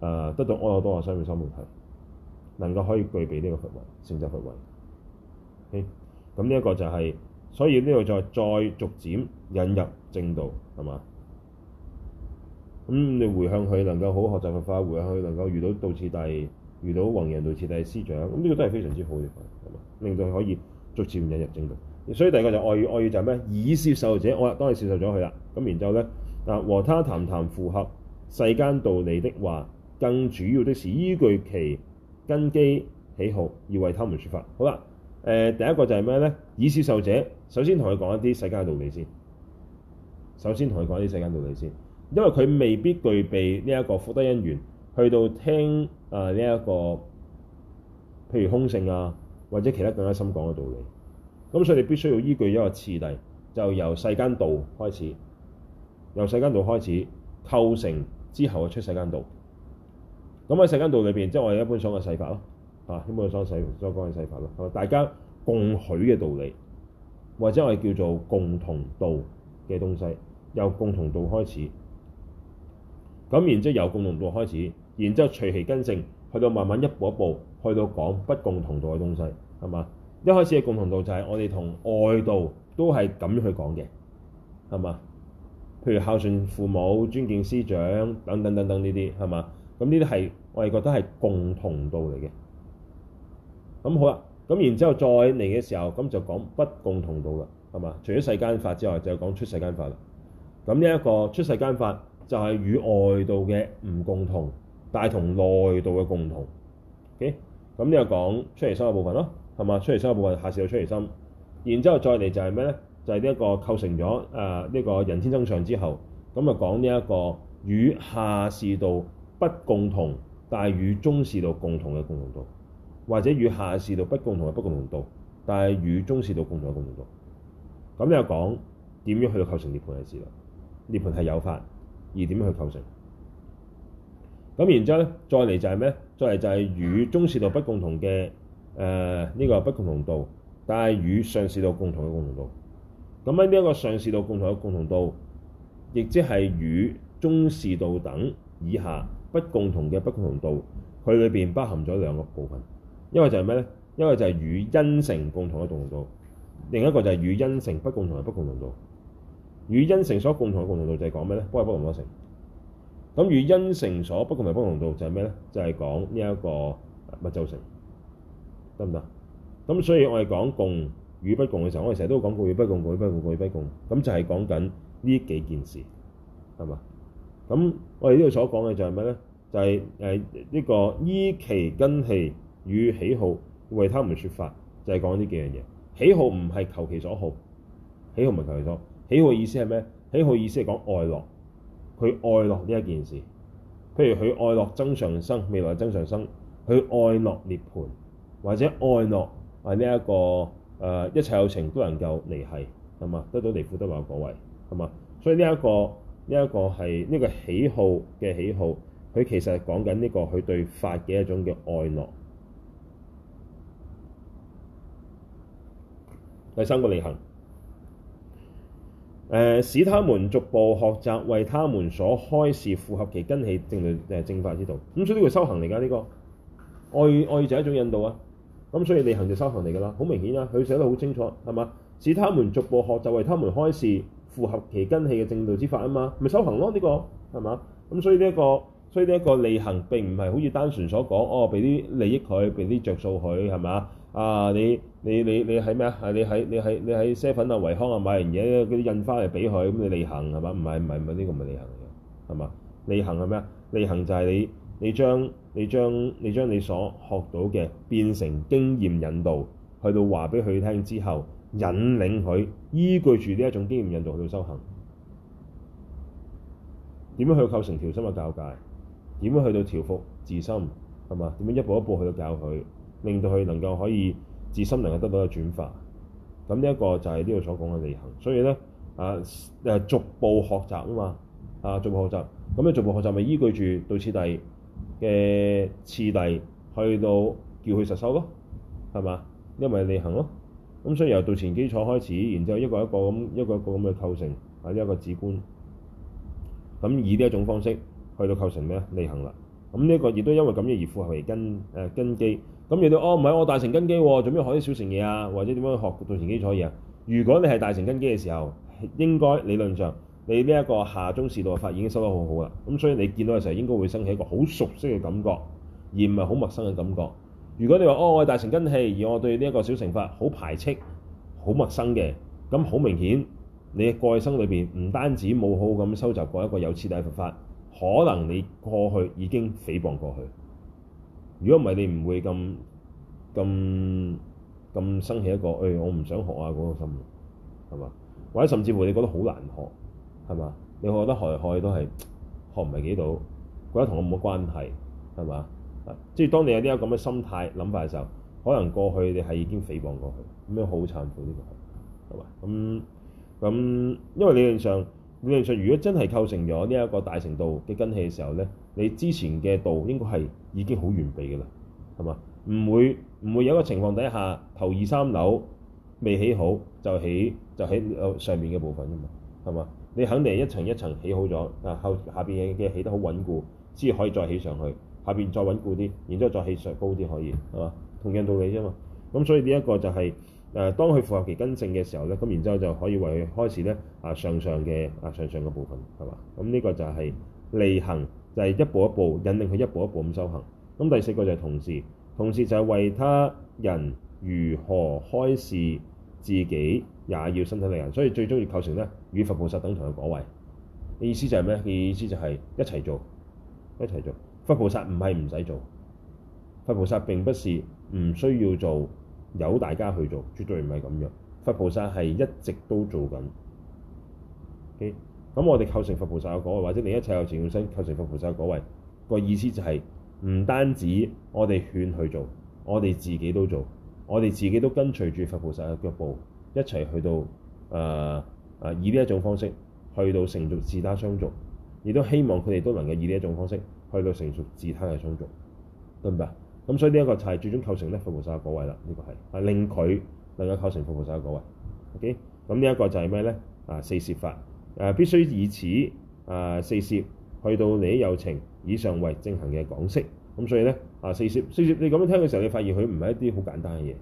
A: 呃、得到安樂多啊，生嘅三門去，能夠可以具備呢個福慧，成就福慧。咁呢一個就係、是，所以呢個再再逐漸引入正道，係嘛？咁你回向佢能夠好學習佛法，回向佢能夠遇到道次第，遇到弘揚道次第師長，咁呢個都係非常之好嘅，令到佢可以逐漸引入正道。所以第二個就愛語，愛語就係咩？以銷售者，我、哦、當係銷售咗佢啦。咁然之後咧，嗱和他談談符合世間道理的話，更主要的是依據其根基喜好，要為他們説法。好啦，誒、呃、第一個就係咩咧？以銷售者首先同佢講一啲世間道理先。首先同佢講一啲世間道理先，因為佢未必具備呢一個福德因緣，去到聽誒呢一個譬如空性啊，或者其他更加深廣嘅道理。咁所以你必須要依據一個次第，就由世間道開始，由世間道開始構成之後嘅出世間道。咁喺世間道裏邊，即係我哋一般講嘅世法咯，啊，一般所謂世，再講世法咯，係大家共許嘅道理，或者我哋叫做共同道嘅東西，由共同道開始，咁然之後由共同道開始，然之後隨其根性，去到慢慢一步一步去到講不共同道嘅東西，係嘛？一開始嘅共同道就係我哋同外道都係咁樣去講嘅，係嘛？譬如孝順父母、尊敬師長等等等等呢啲係嘛？咁呢啲係我哋覺得係共同道嚟嘅。咁好啦，咁然之後再嚟嘅時候，咁就講不共同道啦，係嘛？除咗世間法之外，就講出世間法啦。咁呢一個出世間法就係與外道嘅唔共同，但同內道嘅共同。咁、okay? 呢個講出離心嘅部分咯。係嘛？出離心一部分，下士道出離心。然之後再嚟就係咩咧？就係呢一個構成咗誒呢個人天增上之後，咁啊講呢一個與下士道不共同，但係與中士道共同嘅共同度，或者與下士道不共同嘅不共同度，但係與中士道共同嘅共同度。咁又講點樣講去到構成涅槃嘅事咧？涅槃係有法，而點樣去構成？咁然之後咧，再嚟就係咩，再嚟就係與中士道不共同嘅。誒呢個係不共同道，但係與上士道共同嘅共同道。咁喺呢一個上士道共同嘅共同道，亦即係與中士道等以下不共同嘅不共同道，佢裏邊包含咗兩個部分。一個就係咩咧？一個就係與因乘共同嘅共同道，另一個就係與因乘不共同嘅不共同道。與因乘所共同嘅共同道就係講咩咧？波羅蜜多乘。咁與因乘所不共同嘅不共同道就係咩咧？就係講呢一個密咒乘。得唔得？咁、嗯、所以，我哋講共與不共嘅時候，我哋成日都講共與不共，共與不共，共與不共。咁、嗯、就係、是、講緊呢幾件事，係嘛？咁、嗯、我哋呢度所講嘅就係咩咧？就係誒呢個依其根器與喜好為他們説法，就係、是、講呢幾樣嘢。喜好唔係求其所好，喜好唔係求其所喜好。意思係咩？喜好意思係講愛樂，佢愛樂呢一件事。譬如佢愛樂增上生，未來增上生；佢愛樂涅槃。或者愛樂係呢一個誒、呃、一切有情都能夠離棄係嘛，得到離苦得樂果位係嘛，所以呢、這、一個呢一、這個係呢、這個喜好嘅喜好，佢其實係講緊呢個佢對法嘅一種嘅愛樂。第三個利行，誒、呃、使他們逐步學習為他們所開示符合其根器正律正法之道，咁、嗯、所以呢個修行嚟㗎呢個愛愛就係一種引導啊！咁所以利行就修行嚟㗎啦，好明顯啊！佢寫得好清楚，係嘛？使他們逐步學習為他們開示符合其根器嘅正道之法啊嘛，咪修行咯呢個係嘛？咁所以呢一個，所以呢一個利行並唔係好似單純所講，哦俾啲利益佢，俾啲着數佢係嘛？啊你你你你喺咩啊？啊你喺你喺你喺 seven 啊維康啊買完嘢嗰啲印花嚟俾佢，咁你利行係嘛？唔係唔係唔係呢個唔係利行嚟嘅係嘛？利行係咩啊？利行就係你。你將你將你將你所學到嘅變成經驗引導，去到話俾佢聽之後，引領佢依據住呢一種經驗引導去到修行。點樣去構成調心嘅教誡？點樣去到調伏自心？係嘛？點樣一步一步去到教佢，令到佢能夠可以自心能夠得到嘅轉化。咁呢一個就係呢度所講嘅利行。所以咧啊誒，逐步學習啊嘛啊，逐步學習。咁咧逐步學習咪依據住道次第嘅次第去到叫佢實修咯，係嘛？呢咪利行咯。咁、嗯、所以由道前基礎開始，然之後一個一個咁一個一個咁嘅構成，啊一個止觀。咁、嗯、以呢一種方式去到構成咩啊？利行啦。咁、嗯、呢、這個亦都因為咁嘅而符合其根誒根基。咁你到哦唔係我大乘根基喎、哦，做咩學啲小乘嘢啊？或者點樣學道前基礎嘢啊？如果你係大乘根基嘅時候，應該理論上。你呢一個下中士道法已經修得好好啦，咁所以你見到嘅時候應該會生起一個好熟悉嘅感覺，而唔係好陌生嘅感覺。如果你話哦，我大乘根器，而我對呢一個小乘法好排斥、好陌生嘅，咁好明顯你過去生裏邊唔單止冇好咁收集過一個有次第佛法，可能你過去已經誹謗過去。如果唔係，你唔會咁咁咁生起一個誒、欸，我唔想學啊嗰個心，係嘛？或者甚至乎你覺得好難學。係嘛？你覺得害害都係學唔係幾到，覺得同我冇關係，係嘛？啊，即係當你有啲咁嘅心態諗法嘅時候，可能過去你係已經誹謗過去，咁樣好殘暴，呢個係，係嘛？咁咁、嗯嗯，因為理論上理論上，如果真係構成咗呢一個大程度嘅根器嘅時候咧，你之前嘅道應該係已經好完備㗎啦，係嘛？唔會唔會有一個情況底下頭二三樓未起好就起就起上面嘅部分㗎嘛？係嘛？你肯定係一層一層起好咗，啊後下邊嘢嘅起得好穩固，先可以再起上去，下邊再穩固啲，然之後再起上高啲可以，係嘛？同樣道理啫嘛。咁所以呢一個就係、是，誒、呃、當佢符合其根性嘅時候咧，咁然之後就可以為佢開始咧啊上上嘅啊上上嘅部分，係嘛？咁呢個就係利行就係、是、一步一步引領佢一步一步咁修行。咁第四個就係同事，同事就係為他人如何開示自己。也要身體力行，所以最終要構成咧與佛菩薩等同嘅果位。嘅意思就係咩？嘅意思就係一齊做，一齊做。佛菩薩唔係唔使做，佛菩薩並不是唔需要做，由大家去做，絕對唔係咁樣。佛菩薩係一直都做緊。咁、okay? 我哋構成佛菩薩嘅果位，或者你一切有情願生構成佛菩薩嘅果位。個意思就係、是、唔單止我哋勸去做，我哋自己都做，我哋自己都跟隨住佛菩薩嘅腳步。一齊去到誒誒、呃啊，以呢一種方式去到成熟自他相續，亦都希望佢哋都能夠以呢一種方式去到成熟自他嘅相續，對唔對？咁所以呢一個就係最終構成咧，佛菩薩嗰位啦。呢個係啊，令佢能夠構成佛菩薩嗰位，這個啊、位。O.K. 咁呢一個就係咩咧？啊，四攝法誒、啊，必須以此啊四攝去到利有情，以上為正行嘅講釋。咁所以咧啊，四攝四攝你咁樣聽嘅時候，你發現佢唔係一啲好簡單嘅嘢，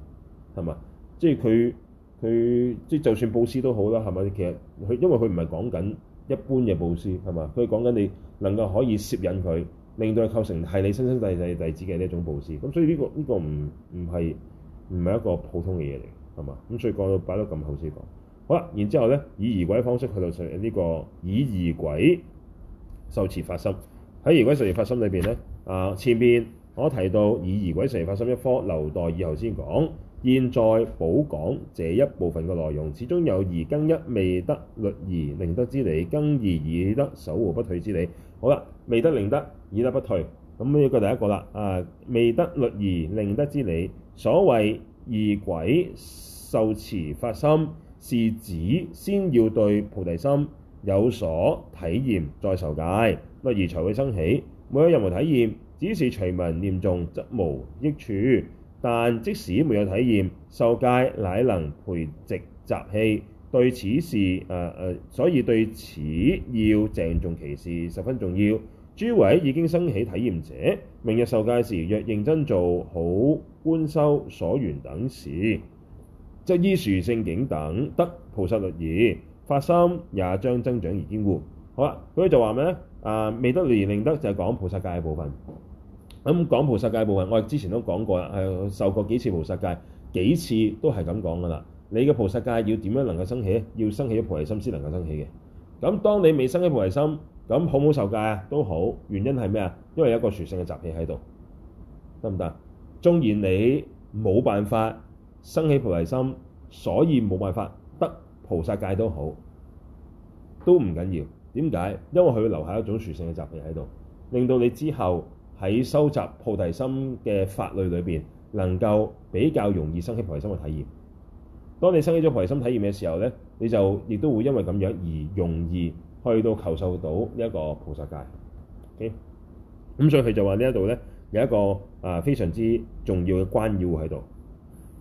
A: 係嘛？即係佢。佢即係就算布施都好啦，係咪？其實佢因為佢唔係講緊一般嘅布施，係嘛？佢講緊你能夠可以攝引佢，令到佢構成係你親身弟子弟子嘅呢一種布施。咁所以呢、呢個呢、呢個唔唔係唔係一個普通嘅嘢嚟，係嘛？咁所以講到擺得咁好先講，好啦，然之後咧，以儀軌方式去到上、呢個、呢個以儀軌受持發心。喺儀軌受持發心裏邊咧，啊，前面我提到以儀軌受持發心一科留待以後先講。現在補講這一部分嘅內容，始終有二，庚一，未得律儀令得之理；庚二，已得守護不退之理。好啦，未得令得，已得不退。咁呢一個第一個啦，啊未得律儀令得之理。所謂以儀軌受持發心，是指先要對菩提心有所體驗，再受戒；律儀，才會生起。沒有任何體驗，只是隨文念誦，則無益處。但即使沒有體驗受戒，乃能培植習氣。對此事，誒、呃、誒，所以對此要鄭重其事，十分重要。諸位已經生起體驗者，明日受戒時，若認真做好觀修所緣等事，即依殊勝境等得菩薩律儀發心，也將增長而堅固。好啦，佢就話咩啊，未得律儀令得，就係、是、講菩薩戒嘅部分。咁講菩薩戒部分，我係之前都講過啦。係、呃、受過幾次菩薩戒，幾次都係咁講噶啦。你嘅菩薩戒要點樣能夠生起？要生起咗菩提心先能夠生起嘅。咁當你未生起菩提心，咁好唔好受戒啊？都好，原因係咩啊？因為有一個殊性嘅習氣喺度，得唔得？縱然你冇辦法生起菩提心，所以冇辦法得菩薩戒都好，都唔緊要。點解？因為佢會留下一種殊性嘅習氣喺度，令到你之後。喺收集菩提心嘅法類裏邊，能夠比較容易升起菩提心嘅體驗。當你升起咗菩提心體驗嘅時候咧，你就亦都會因為咁樣而容易去到求受到呢一個菩薩戒。o、okay? 咁所以佢就話呢一度咧，有一個啊，非常之重要嘅關要喺度。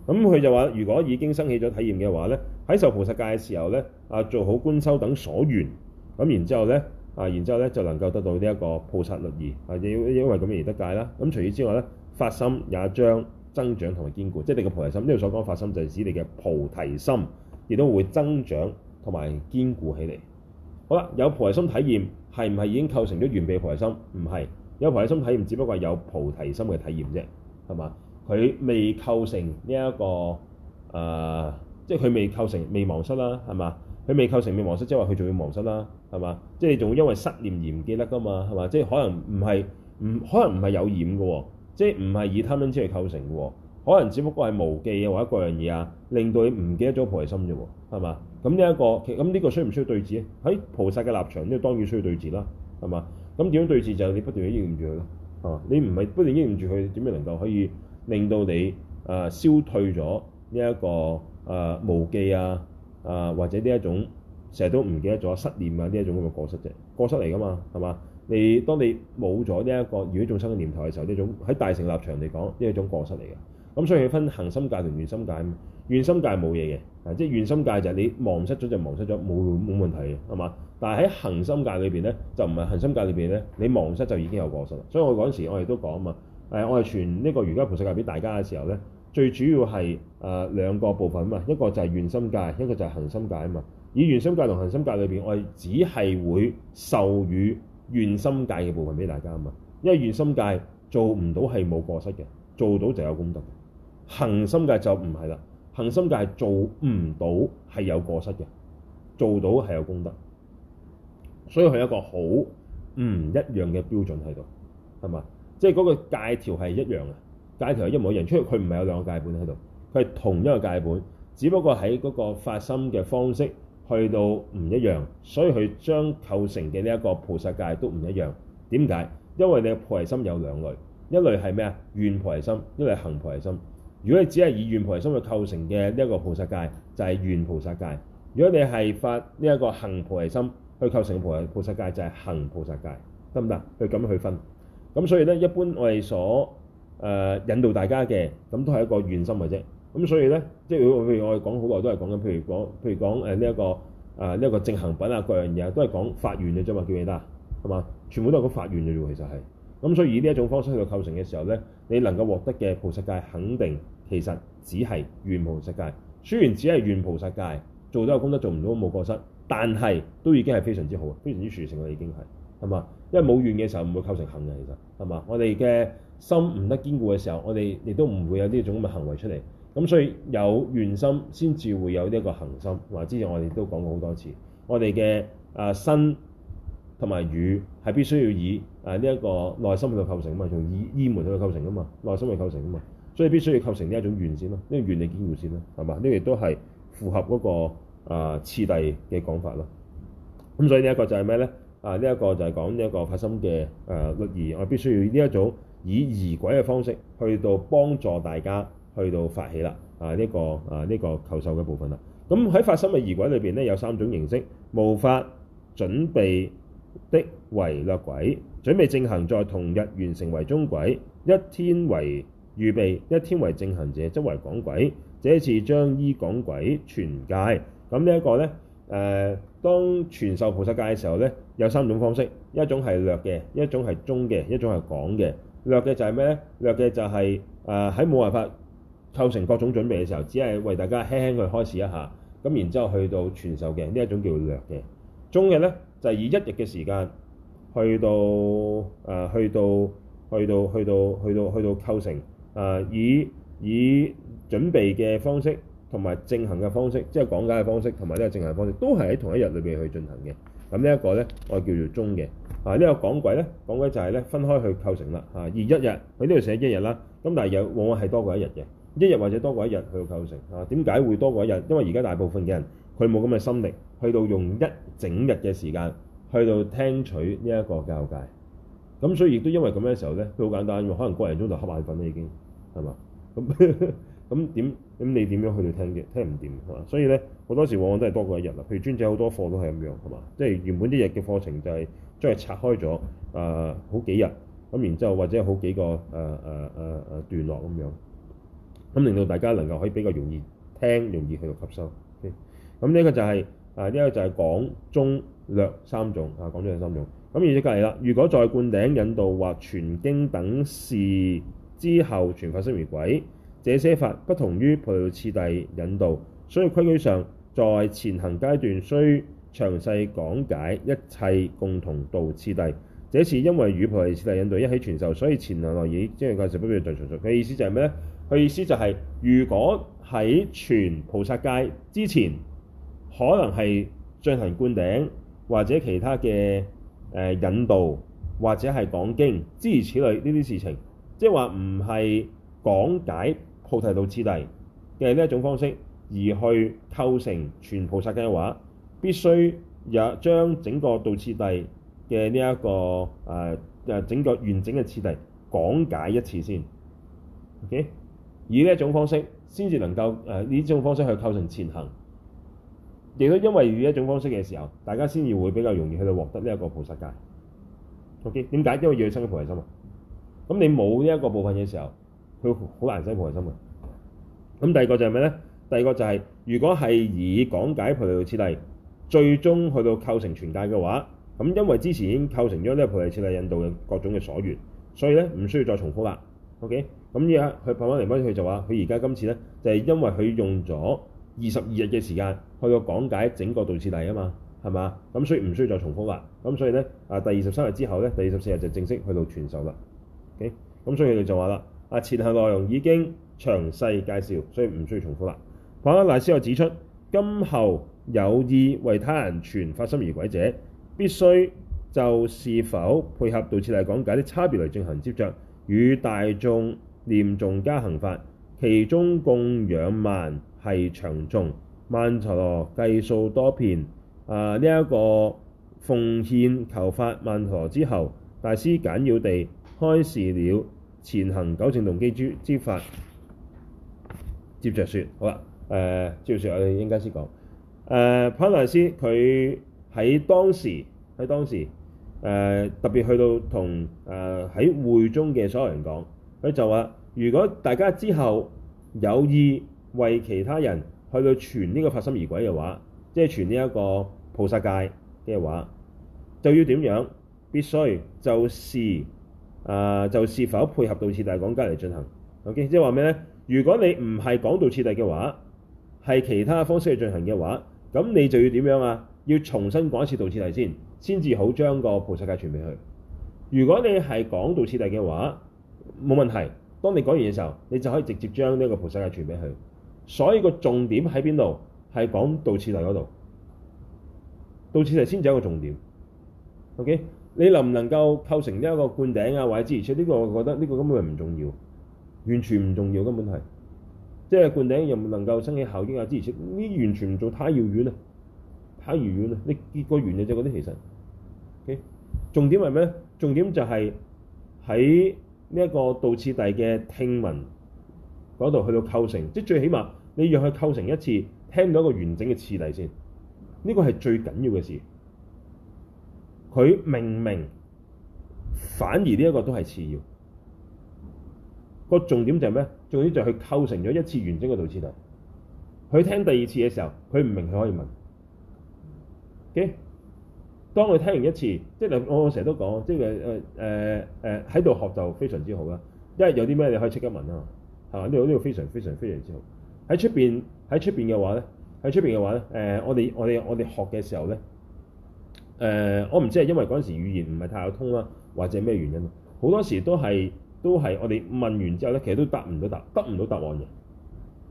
A: 咁佢就話，如果已經升起咗體驗嘅話咧，喺受菩薩戒嘅時候咧，啊做好觀修等所緣，咁然之後咧。啊，然之後咧，就能夠得到呢一個菩薩律儀啊，因為咁而得戒啦。咁、啊、除此之外咧，發心也將增長同埋堅固，即係你個菩提心。呢度所講發心就係指你嘅菩提心，亦都會增長同埋堅固起嚟。好啦，有菩提心體驗係唔係已經構成咗完備菩提心？唔係，有菩提心體驗只不過係有菩提心嘅體驗啫，係嘛？佢未構成呢、這、一個啊、呃，即係佢未構成未忘失啦，係嘛？佢未構成未忘失，即係話佢仲要忘失啦。係嘛？即係你仲會因為失念而唔記得噶嘛？係嘛？即係可能唔係唔可能唔係有染嘅喎、哦，即係唔係以貪嗔痴嚟構成嘅喎、哦。可能只不過係無記啊或者各樣嘢啊，令到你唔記得咗菩提心啫喎。係嘛？咁呢一個，咁呢個需唔需要對治？咧？喺菩薩嘅立場，呢當然需要對治啦。係嘛？咁點樣對治？就係你不斷去應住佢咯。啊，你唔係不斷應住佢，點樣能夠可以令到你誒、呃、消退咗呢一個誒無、呃、記啊啊、呃、或者呢一種？成日都唔記得咗失念啊！呢一種咁嘅過失啫，過失嚟噶嘛，係嘛？你當你冇咗呢一個與眾生嘅念頭嘅時候，呢一種喺大成立場嚟講，呢一種過失嚟嘅。咁所以分行心界同願心界。願心界冇嘢嘅，即係願心界就係你忘失咗就忘失咗，冇冇問題嘅，係嘛？但係喺行心界裏邊咧，就唔係行心界裏邊咧，你忘失就已經有過失喇。所以我嗰陣時我亦都講啊嘛，誒，我係傳呢個《瑜伽菩薩戒》俾大家嘅時候咧，最主要係誒、呃、兩個部分啊嘛，一個就係願心界，一個就係行心界啊嘛。以願心界同行心界裏邊，我哋只係會授予願心界嘅部分俾大家啊嘛。因為願心界做唔到係冇過失嘅，做到就有功德；行心界就唔係啦。行心界做唔到係有過失嘅，做到係有功德。所以係一個好唔一樣嘅標準喺度，係嘛？即係嗰個界條係一樣嘅界條，一模一樣出嚟，佢唔係有兩個界本喺度，佢係同一個界本，只不過喺嗰個發心嘅方式。去到唔一樣，所以佢將構成嘅呢一個菩薩戒都唔一樣。點解？因為你嘅菩提心有兩類，一類係咩啊？願菩提心，一類係行菩提心。如果你只係以願菩提心去構成嘅呢一個菩薩戒，就係願菩薩戒；如果你係發呢一個行菩提心去構成嘅菩菩薩戒，就係行菩薩戒，得唔得？去咁樣去分。咁所以咧，一般我哋所誒引導大家嘅，咁都係一個願心嘅啫。咁所以咧，即係譬如我哋講好耐都係講緊，譬如講，譬如講誒，呢一個啊，呢一個正行品啊各樣嘢都係講發願嘅啫嘛，記唔記得？係嘛，全部都係講發願嘅啫。其實係咁，所以以呢一種方式去到構成嘅時候咧，你能夠獲得嘅菩薩戒肯定其實只係願菩薩戒。雖然只係願菩薩戒，做到有功德，做唔到冇過失，但係都已經係非常之好，非常之殊勝啦。已經係，係嘛，因為冇願嘅時候唔會構成行嘅，其實係嘛。我哋嘅心唔得堅固嘅時候，我哋亦都唔會有呢種咁嘅行為出嚟。咁所以有願心先至會有呢一個恒心，同之前我哋都講過好多次，我哋嘅啊身同埋語係必須要以誒呢一個內心去構成啊嘛，從二二門去構成啊嘛，內心去構成啊嘛，所以必須要構成呢一種願先咯，呢、這個願理建橋線咯，係嘛？呢亦都係符合嗰、那個啊、呃、次第嘅講法咯。咁所以呢一個就係咩咧？啊、呃，呢、這、一個就係講呢一個發心嘅誒、呃、律儀，我必須要呢一種以儀軌嘅方式去到幫助大家。去到發起啦啊！呢、這個啊呢、這個求受嘅部分啦。咁喺發心嘅儀軌裏邊咧，有三種形式：冇法準備的為略軌，準備正行在同日完成為中軌，一天為預備，一天為正行者則為廣軌。這次將依廣軌傳戒。咁呢一個咧誒，當傳授菩薩戒嘅時候咧，有三種方式：一種係略嘅，一種係中嘅，一種係廣嘅。略嘅就係咩咧？略嘅就係誒喺冇辦法。構成各種準備嘅時候，只係為大家輕輕去開示一下，咁然之後去到傳授嘅呢一種叫做略軌。中軌咧就係、是、以一日嘅時間去到誒，去到、呃、去到去到去到去到，去到構成誒、呃，以以準備嘅方式同埋正行嘅方式，即係講解嘅方式同埋呢個正行方式，都係喺同一日裏邊去進行嘅。咁呢一個咧我叫做中軌。啊，呢、這個廣軌咧，廣軌就係咧分開去構成啦。嚇、啊，而一日喺呢度寫一日啦，咁但係又往往係多過一日嘅。一日或者多過一日去到構成啊？點解會多過一日？因為而家大部分嘅人佢冇咁嘅心力去到用一整日嘅時間去到聽取呢一個教界咁， 所以亦都因為咁樣嘅時候咧，佢好簡單，可能個零鐘就瞌眼瞓啦，已經係嘛，咁咁點，咁你點樣去到聽嘅，聽唔掂係嘛？所以咧好多時往往都係多過一日啦。譬如專仔好多課都係咁樣係嘛，即係、就是、原本一日嘅課程就係將佢拆開咗啊、呃，好幾日咁，然之後或者好幾個誒誒誒誒段落咁樣。咁令到大家能夠可以比較容易聽，容易去到吸收。咁、okay? 呢個就係、是、啊，呢、這個就係廣中略三種啊，廣中略三種。咁然之後隔籬啦，如果在灌頂引導或傳經等事之後，傳發心儀軌，這些法不同於菩提道次第引導，所以規矩上在前行階段需詳細講解一切共同道次第。這次因為與菩提道次第引導一起傳授，所以前行內已將介紹，不必要再重述。嘅意思就係咩咧？佢意思就係、是，如果喺傳菩薩戒之前，可能係進行灌頂或者其他嘅誒、呃、引導，或者係講經，諸如此類呢啲事情，即係話唔係講解菩提道次第嘅呢一種方式，而去構成傳菩薩戒嘅話，必須也將整個道次第嘅呢一個誒誒、呃、整個完整嘅次第講解一次先，OK？以呢一種方式，先至能夠誒呢種方式去構成前行。亦都因為以一種方式嘅時候，大家先至會比較容易去到獲得呢一個菩薩戒。OK，點解？因為要去生嘅菩提心啊。咁你冇呢一個部分嘅時候，佢好難生菩提心啊。咁第二個就係咩咧？第二個就係、是、如果係以講解菩提道次第，最終去到構成全界嘅話，咁因為之前已經構成咗呢個菩提道次第，引導嘅各種嘅所緣，所以咧唔需要再重複啦。OK。咁而家佢拍返嚟，佢、嗯、就話：佢而家今次咧，就係、是、因為佢用咗二十二日嘅時間去到講解整個道次第啊嘛，係嘛？咁所以唔需要再重複啦。咁所以咧啊，第二十三日之後咧，第二十四日就正式去到傳授啦。咁、okay? 所以佢就話啦：啊，前行內容已經詳細介紹，所以唔需要重複啦。帕繃喀大師又指出，今後有意為他人傳發心儀軌者，必須就是否配合道次第講解啲差別嚟進行接著與大眾。念誦加行法，其中供養曼係長頌，曼荼羅計數多遍。啊、呃！呢、這、一個奉獻求法曼荼之後，大師簡要地開示了前行糾正動機之法。接着說好啦，誒、呃、照説我哋應該先講誒帕繃喀大師佢喺當時，喺當時誒、呃、特別去到同誒喺會中嘅所有人講。佢就話，如果大家之後有意為其他人去到傳呢個發心儀軌嘅話，即係傳呢一個菩薩戒嘅話，就要點樣？必須就是啊、呃，就是否配合道次第講解嚟進行？OK，即係話咩咧？如果你唔係講道次第嘅話，係其他方式去進行嘅話，咁你就要點樣啊？要重新講一次道次第先，先至好將個菩薩戒傳俾佢。如果你係講道次第嘅話，冇問題。當你講完嘢嘅時候，你就可以直接將呢一個菩薩戒傳俾佢。所以個重點喺邊度？係講到次第嗰度，到次第先係一個重點。O、OK? K，你能唔能夠構成一個灌頂啊，或者之餘呢、這個？我覺得呢、這個根本唔重要，完全唔重要，根本係即係灌頂又唔能夠生起效益啊，支持呢完全唔做太遙遠啦，太遙遠啦。你結果圓嘅啫。嗰啲其實 O、OK? K。重點係咩？重點就係喺呢一個道次第嘅聽聞嗰度去到構成，即係最起碼你讓佢構成一次，聽到一個完整嘅次第先，呢、呢個係最緊要嘅事。佢明唔明？反而呢一個都係次要。個重點就係咩？重點就係佢構成咗一次完整嘅道次第。佢聽第二次嘅時候，佢唔明，佢可以問。Okay? 當佢聽完一次，即係我我成日都講，即係誒誒誒喺度學就非常之好啦，因為有啲咩你可以即刻問啊，係嘛？呢度呢度非常非常非常之好。喺出邊喺出邊嘅話咧，喺出邊嘅話咧，誒我哋我哋我哋學嘅時候咧，誒、呃、我唔知係因為嗰陣時語言唔係太有通啦，或者咩原因，好多時都係都係我哋問完之後咧，其實都答唔到答，得唔到答案嘅。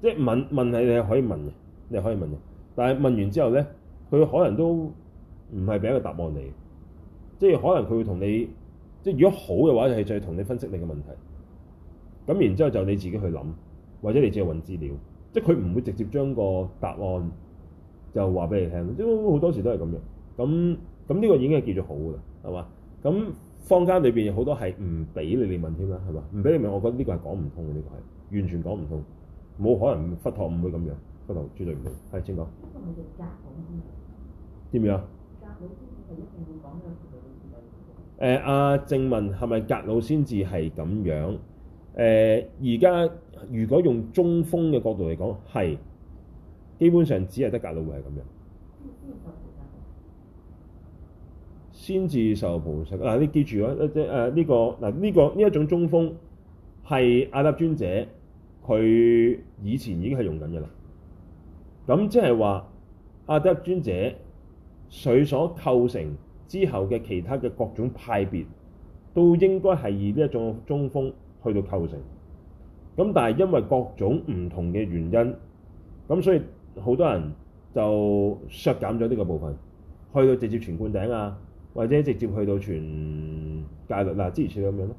A: 即係問問係你係可以問嘅，你可以問嘅，但係問完之後咧，佢可能都。唔係俾一個答案你，即係可能佢會同你，即係如果好嘅話，就係再同你分析你嘅問題。咁然之後就你自己去諗，或者你自己去揾資料，即係佢唔會直接將個答案就話俾你聽。即好多時都係咁樣。咁咁呢個已經係叫做好㗎，係嘛？咁坊間裏邊好多係唔俾你哋問添啦，係嘛？唔俾你問，我覺得呢個係講唔通嘅，呢個係完全講唔通，冇可能佛堂唔會咁樣。佛堂絕對唔會。係，請講。點 樣？誒，阿、啊、正文係咪格魯先至係咁樣？誒、呃，而家如果用中鋒嘅角度嚟講，係基本上只係得格魯會係咁樣。先至、嗯、受菩食嗱、啊，你記住啊，誒、啊、誒，呢、這個嗱，呢、啊這個呢一、這個、種中鋒係阿德尊者，佢以前已經係用緊噶啦。咁即係話阿德尊者。水所構成之後嘅其他嘅各種派別，都應該係以呢一種中鋒去到構成。咁但係因為各種唔同嘅原因，咁所以好多人就削減咗呢個部分，去到直接全灌頂啊，或者直接去到全戒律嗱、啊，之類似咁樣咯，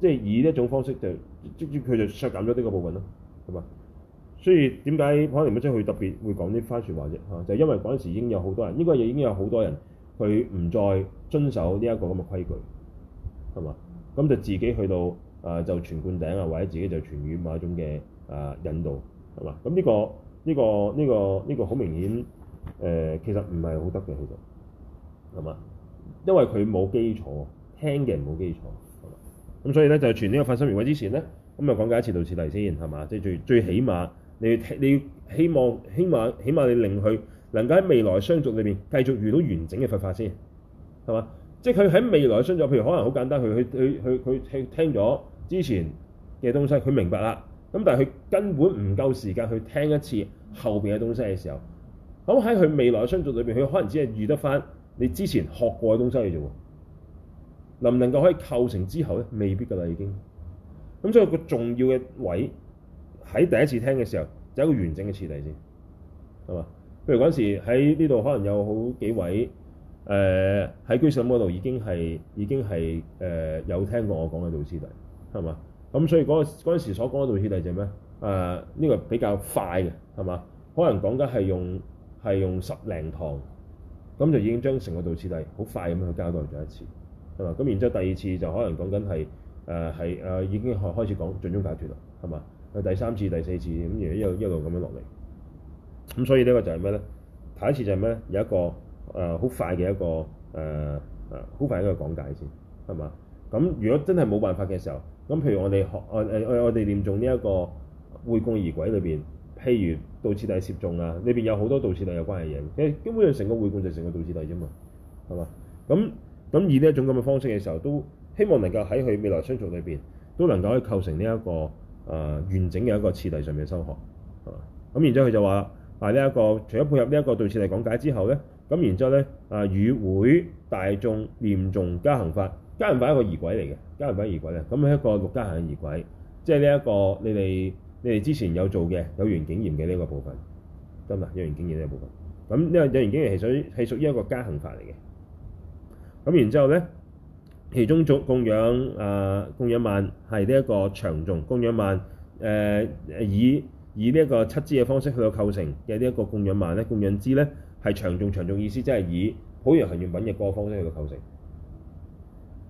A: 即係以呢一種方式就直接佢就削減咗呢個部分咯，係嘛？所以點解可能唔知佢特別會講啲番薯話啫？嚇，就是、因為嗰陣時已經有好多人，應該已經有好多人，佢唔再遵守呢一個咁嘅規矩，係嘛？咁就自己去到啊、呃，就傳灌頂啊，或者自己就傳語某一種嘅啊、呃、引導，係嘛？咁呢、呢個呢、呢個呢、呢個呢、呢個好明顯誒、呃，其實唔係好得嘅，其實係嘛？因為佢冇基礎，聽嘅人冇基礎，係嘛？咁所以咧就傳呢個發心儀軌之前咧，咁就講解一,一次，次道次第先，係嘛？即係、就是、最最起碼。你要你要希望希望起碼你令佢能夠喺未來相續裏面繼續遇到完整嘅佛法先，係嘛？即係佢喺未來相續，譬如可能好簡單，佢佢佢佢佢聽咗之前嘅東西，佢明白啦。咁但係佢根本唔夠時間去聽一次後邊嘅東西嘅時候，咁喺佢未來嘅相續裏邊，佢可能只係遇得翻你之前學過嘅東西嘅啫喎。能唔能夠可以構成之後咧？未必噶啦，已經。咁所以個重要嘅位。喺第一次聽嘅時候，就一個完整嘅道次第先係嘛？譬如嗰陣時喺呢度，可能有好幾位誒喺居士會嗰度已經係已經係誒、呃、有聽過我講嘅道次第係嘛？咁所以嗰嗰陣時所講嘅道次第就係咩啊？呢、呃這個比較快嘅係嘛？可能講緊係用係用十零堂咁就已經將成個道次第好快咁樣去交代咗一次係嘛？咁然之後第二次就可能講緊係誒係誒已經開始講盡中解決啦係嘛？係第三次、第四次咁，而家一一路咁樣落嚟。咁所以呢個就係咩咧？第一次就係咩？有一個誒好、呃、快嘅一個誒誒好快一個講解先係嘛？咁如果真係冇辦法嘅時候，咁譬如我哋學、呃呃、我誒我哋念誦呢一個會供儀軌裏邊，譬如道次第涉眾啊，裏邊有好多道次第有關嘅嘢。其實基本上成個會供就成個道次第啫嘛，係嘛？咁咁以呢一種咁嘅方式嘅時候，都希望能夠喺佢未來相續裏邊都能夠去構成呢、這、一個。啊，完整嘅一個次第上面嘅修學，啊，咁然之後佢就話啦，呢、啊、一、呢個除咗配合呢一個對次第講解之後咧，咁然之後咧，啊，與會大眾唸誦加行法，加行法一個儀軌嚟嘅，加行法儀軌咧，咁係一個六加行嘅儀軌，即係呢一個你哋你哋之前有做嘅有緣景嚴嘅呢個部分，得唔得？有緣景嚴呢個部分，咁呢個有緣景嚴係屬於係屬於一個加行法嚟嘅，咁然之後咧。其中組供養啊、呃、供養蔓係呢一個長頌供養蔓誒誒以以呢一個七支嘅方式去到構成嘅呢一個供養蔓咧供養支咧係長頌長頌，長頌意思即係以普賢行願品嘅各方聲去到構成。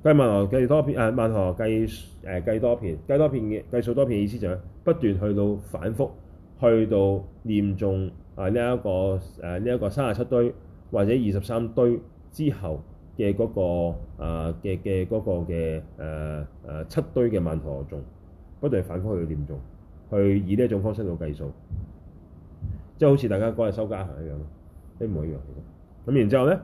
A: 計萬河計多遍啊，河計誒計多遍計多遍嘅計數多遍意思就係不斷去到反覆去到念誦啊呢一個誒呢一個三十七堆或者二十三堆之後。嘅嗰、那個嘅嘅嗰嘅誒誒七堆嘅曼陀羅種，嗰度係反覆去念誦，去以呢一種方式去計數，即係好似大家嗰日修加行一樣咯，一模一樣嚟嘅。咁、啊、然後呢、啊、之後咧，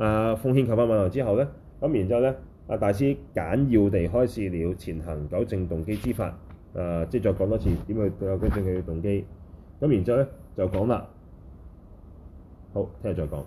A: 啊奉獻求法曼陀羅之後咧，咁然之後咧，阿大師簡要地開示了前行糾正動機之法，啊即係再講多次點去對有糾正嘅動機。咁、啊、然之後咧就講啦，好聽日再講。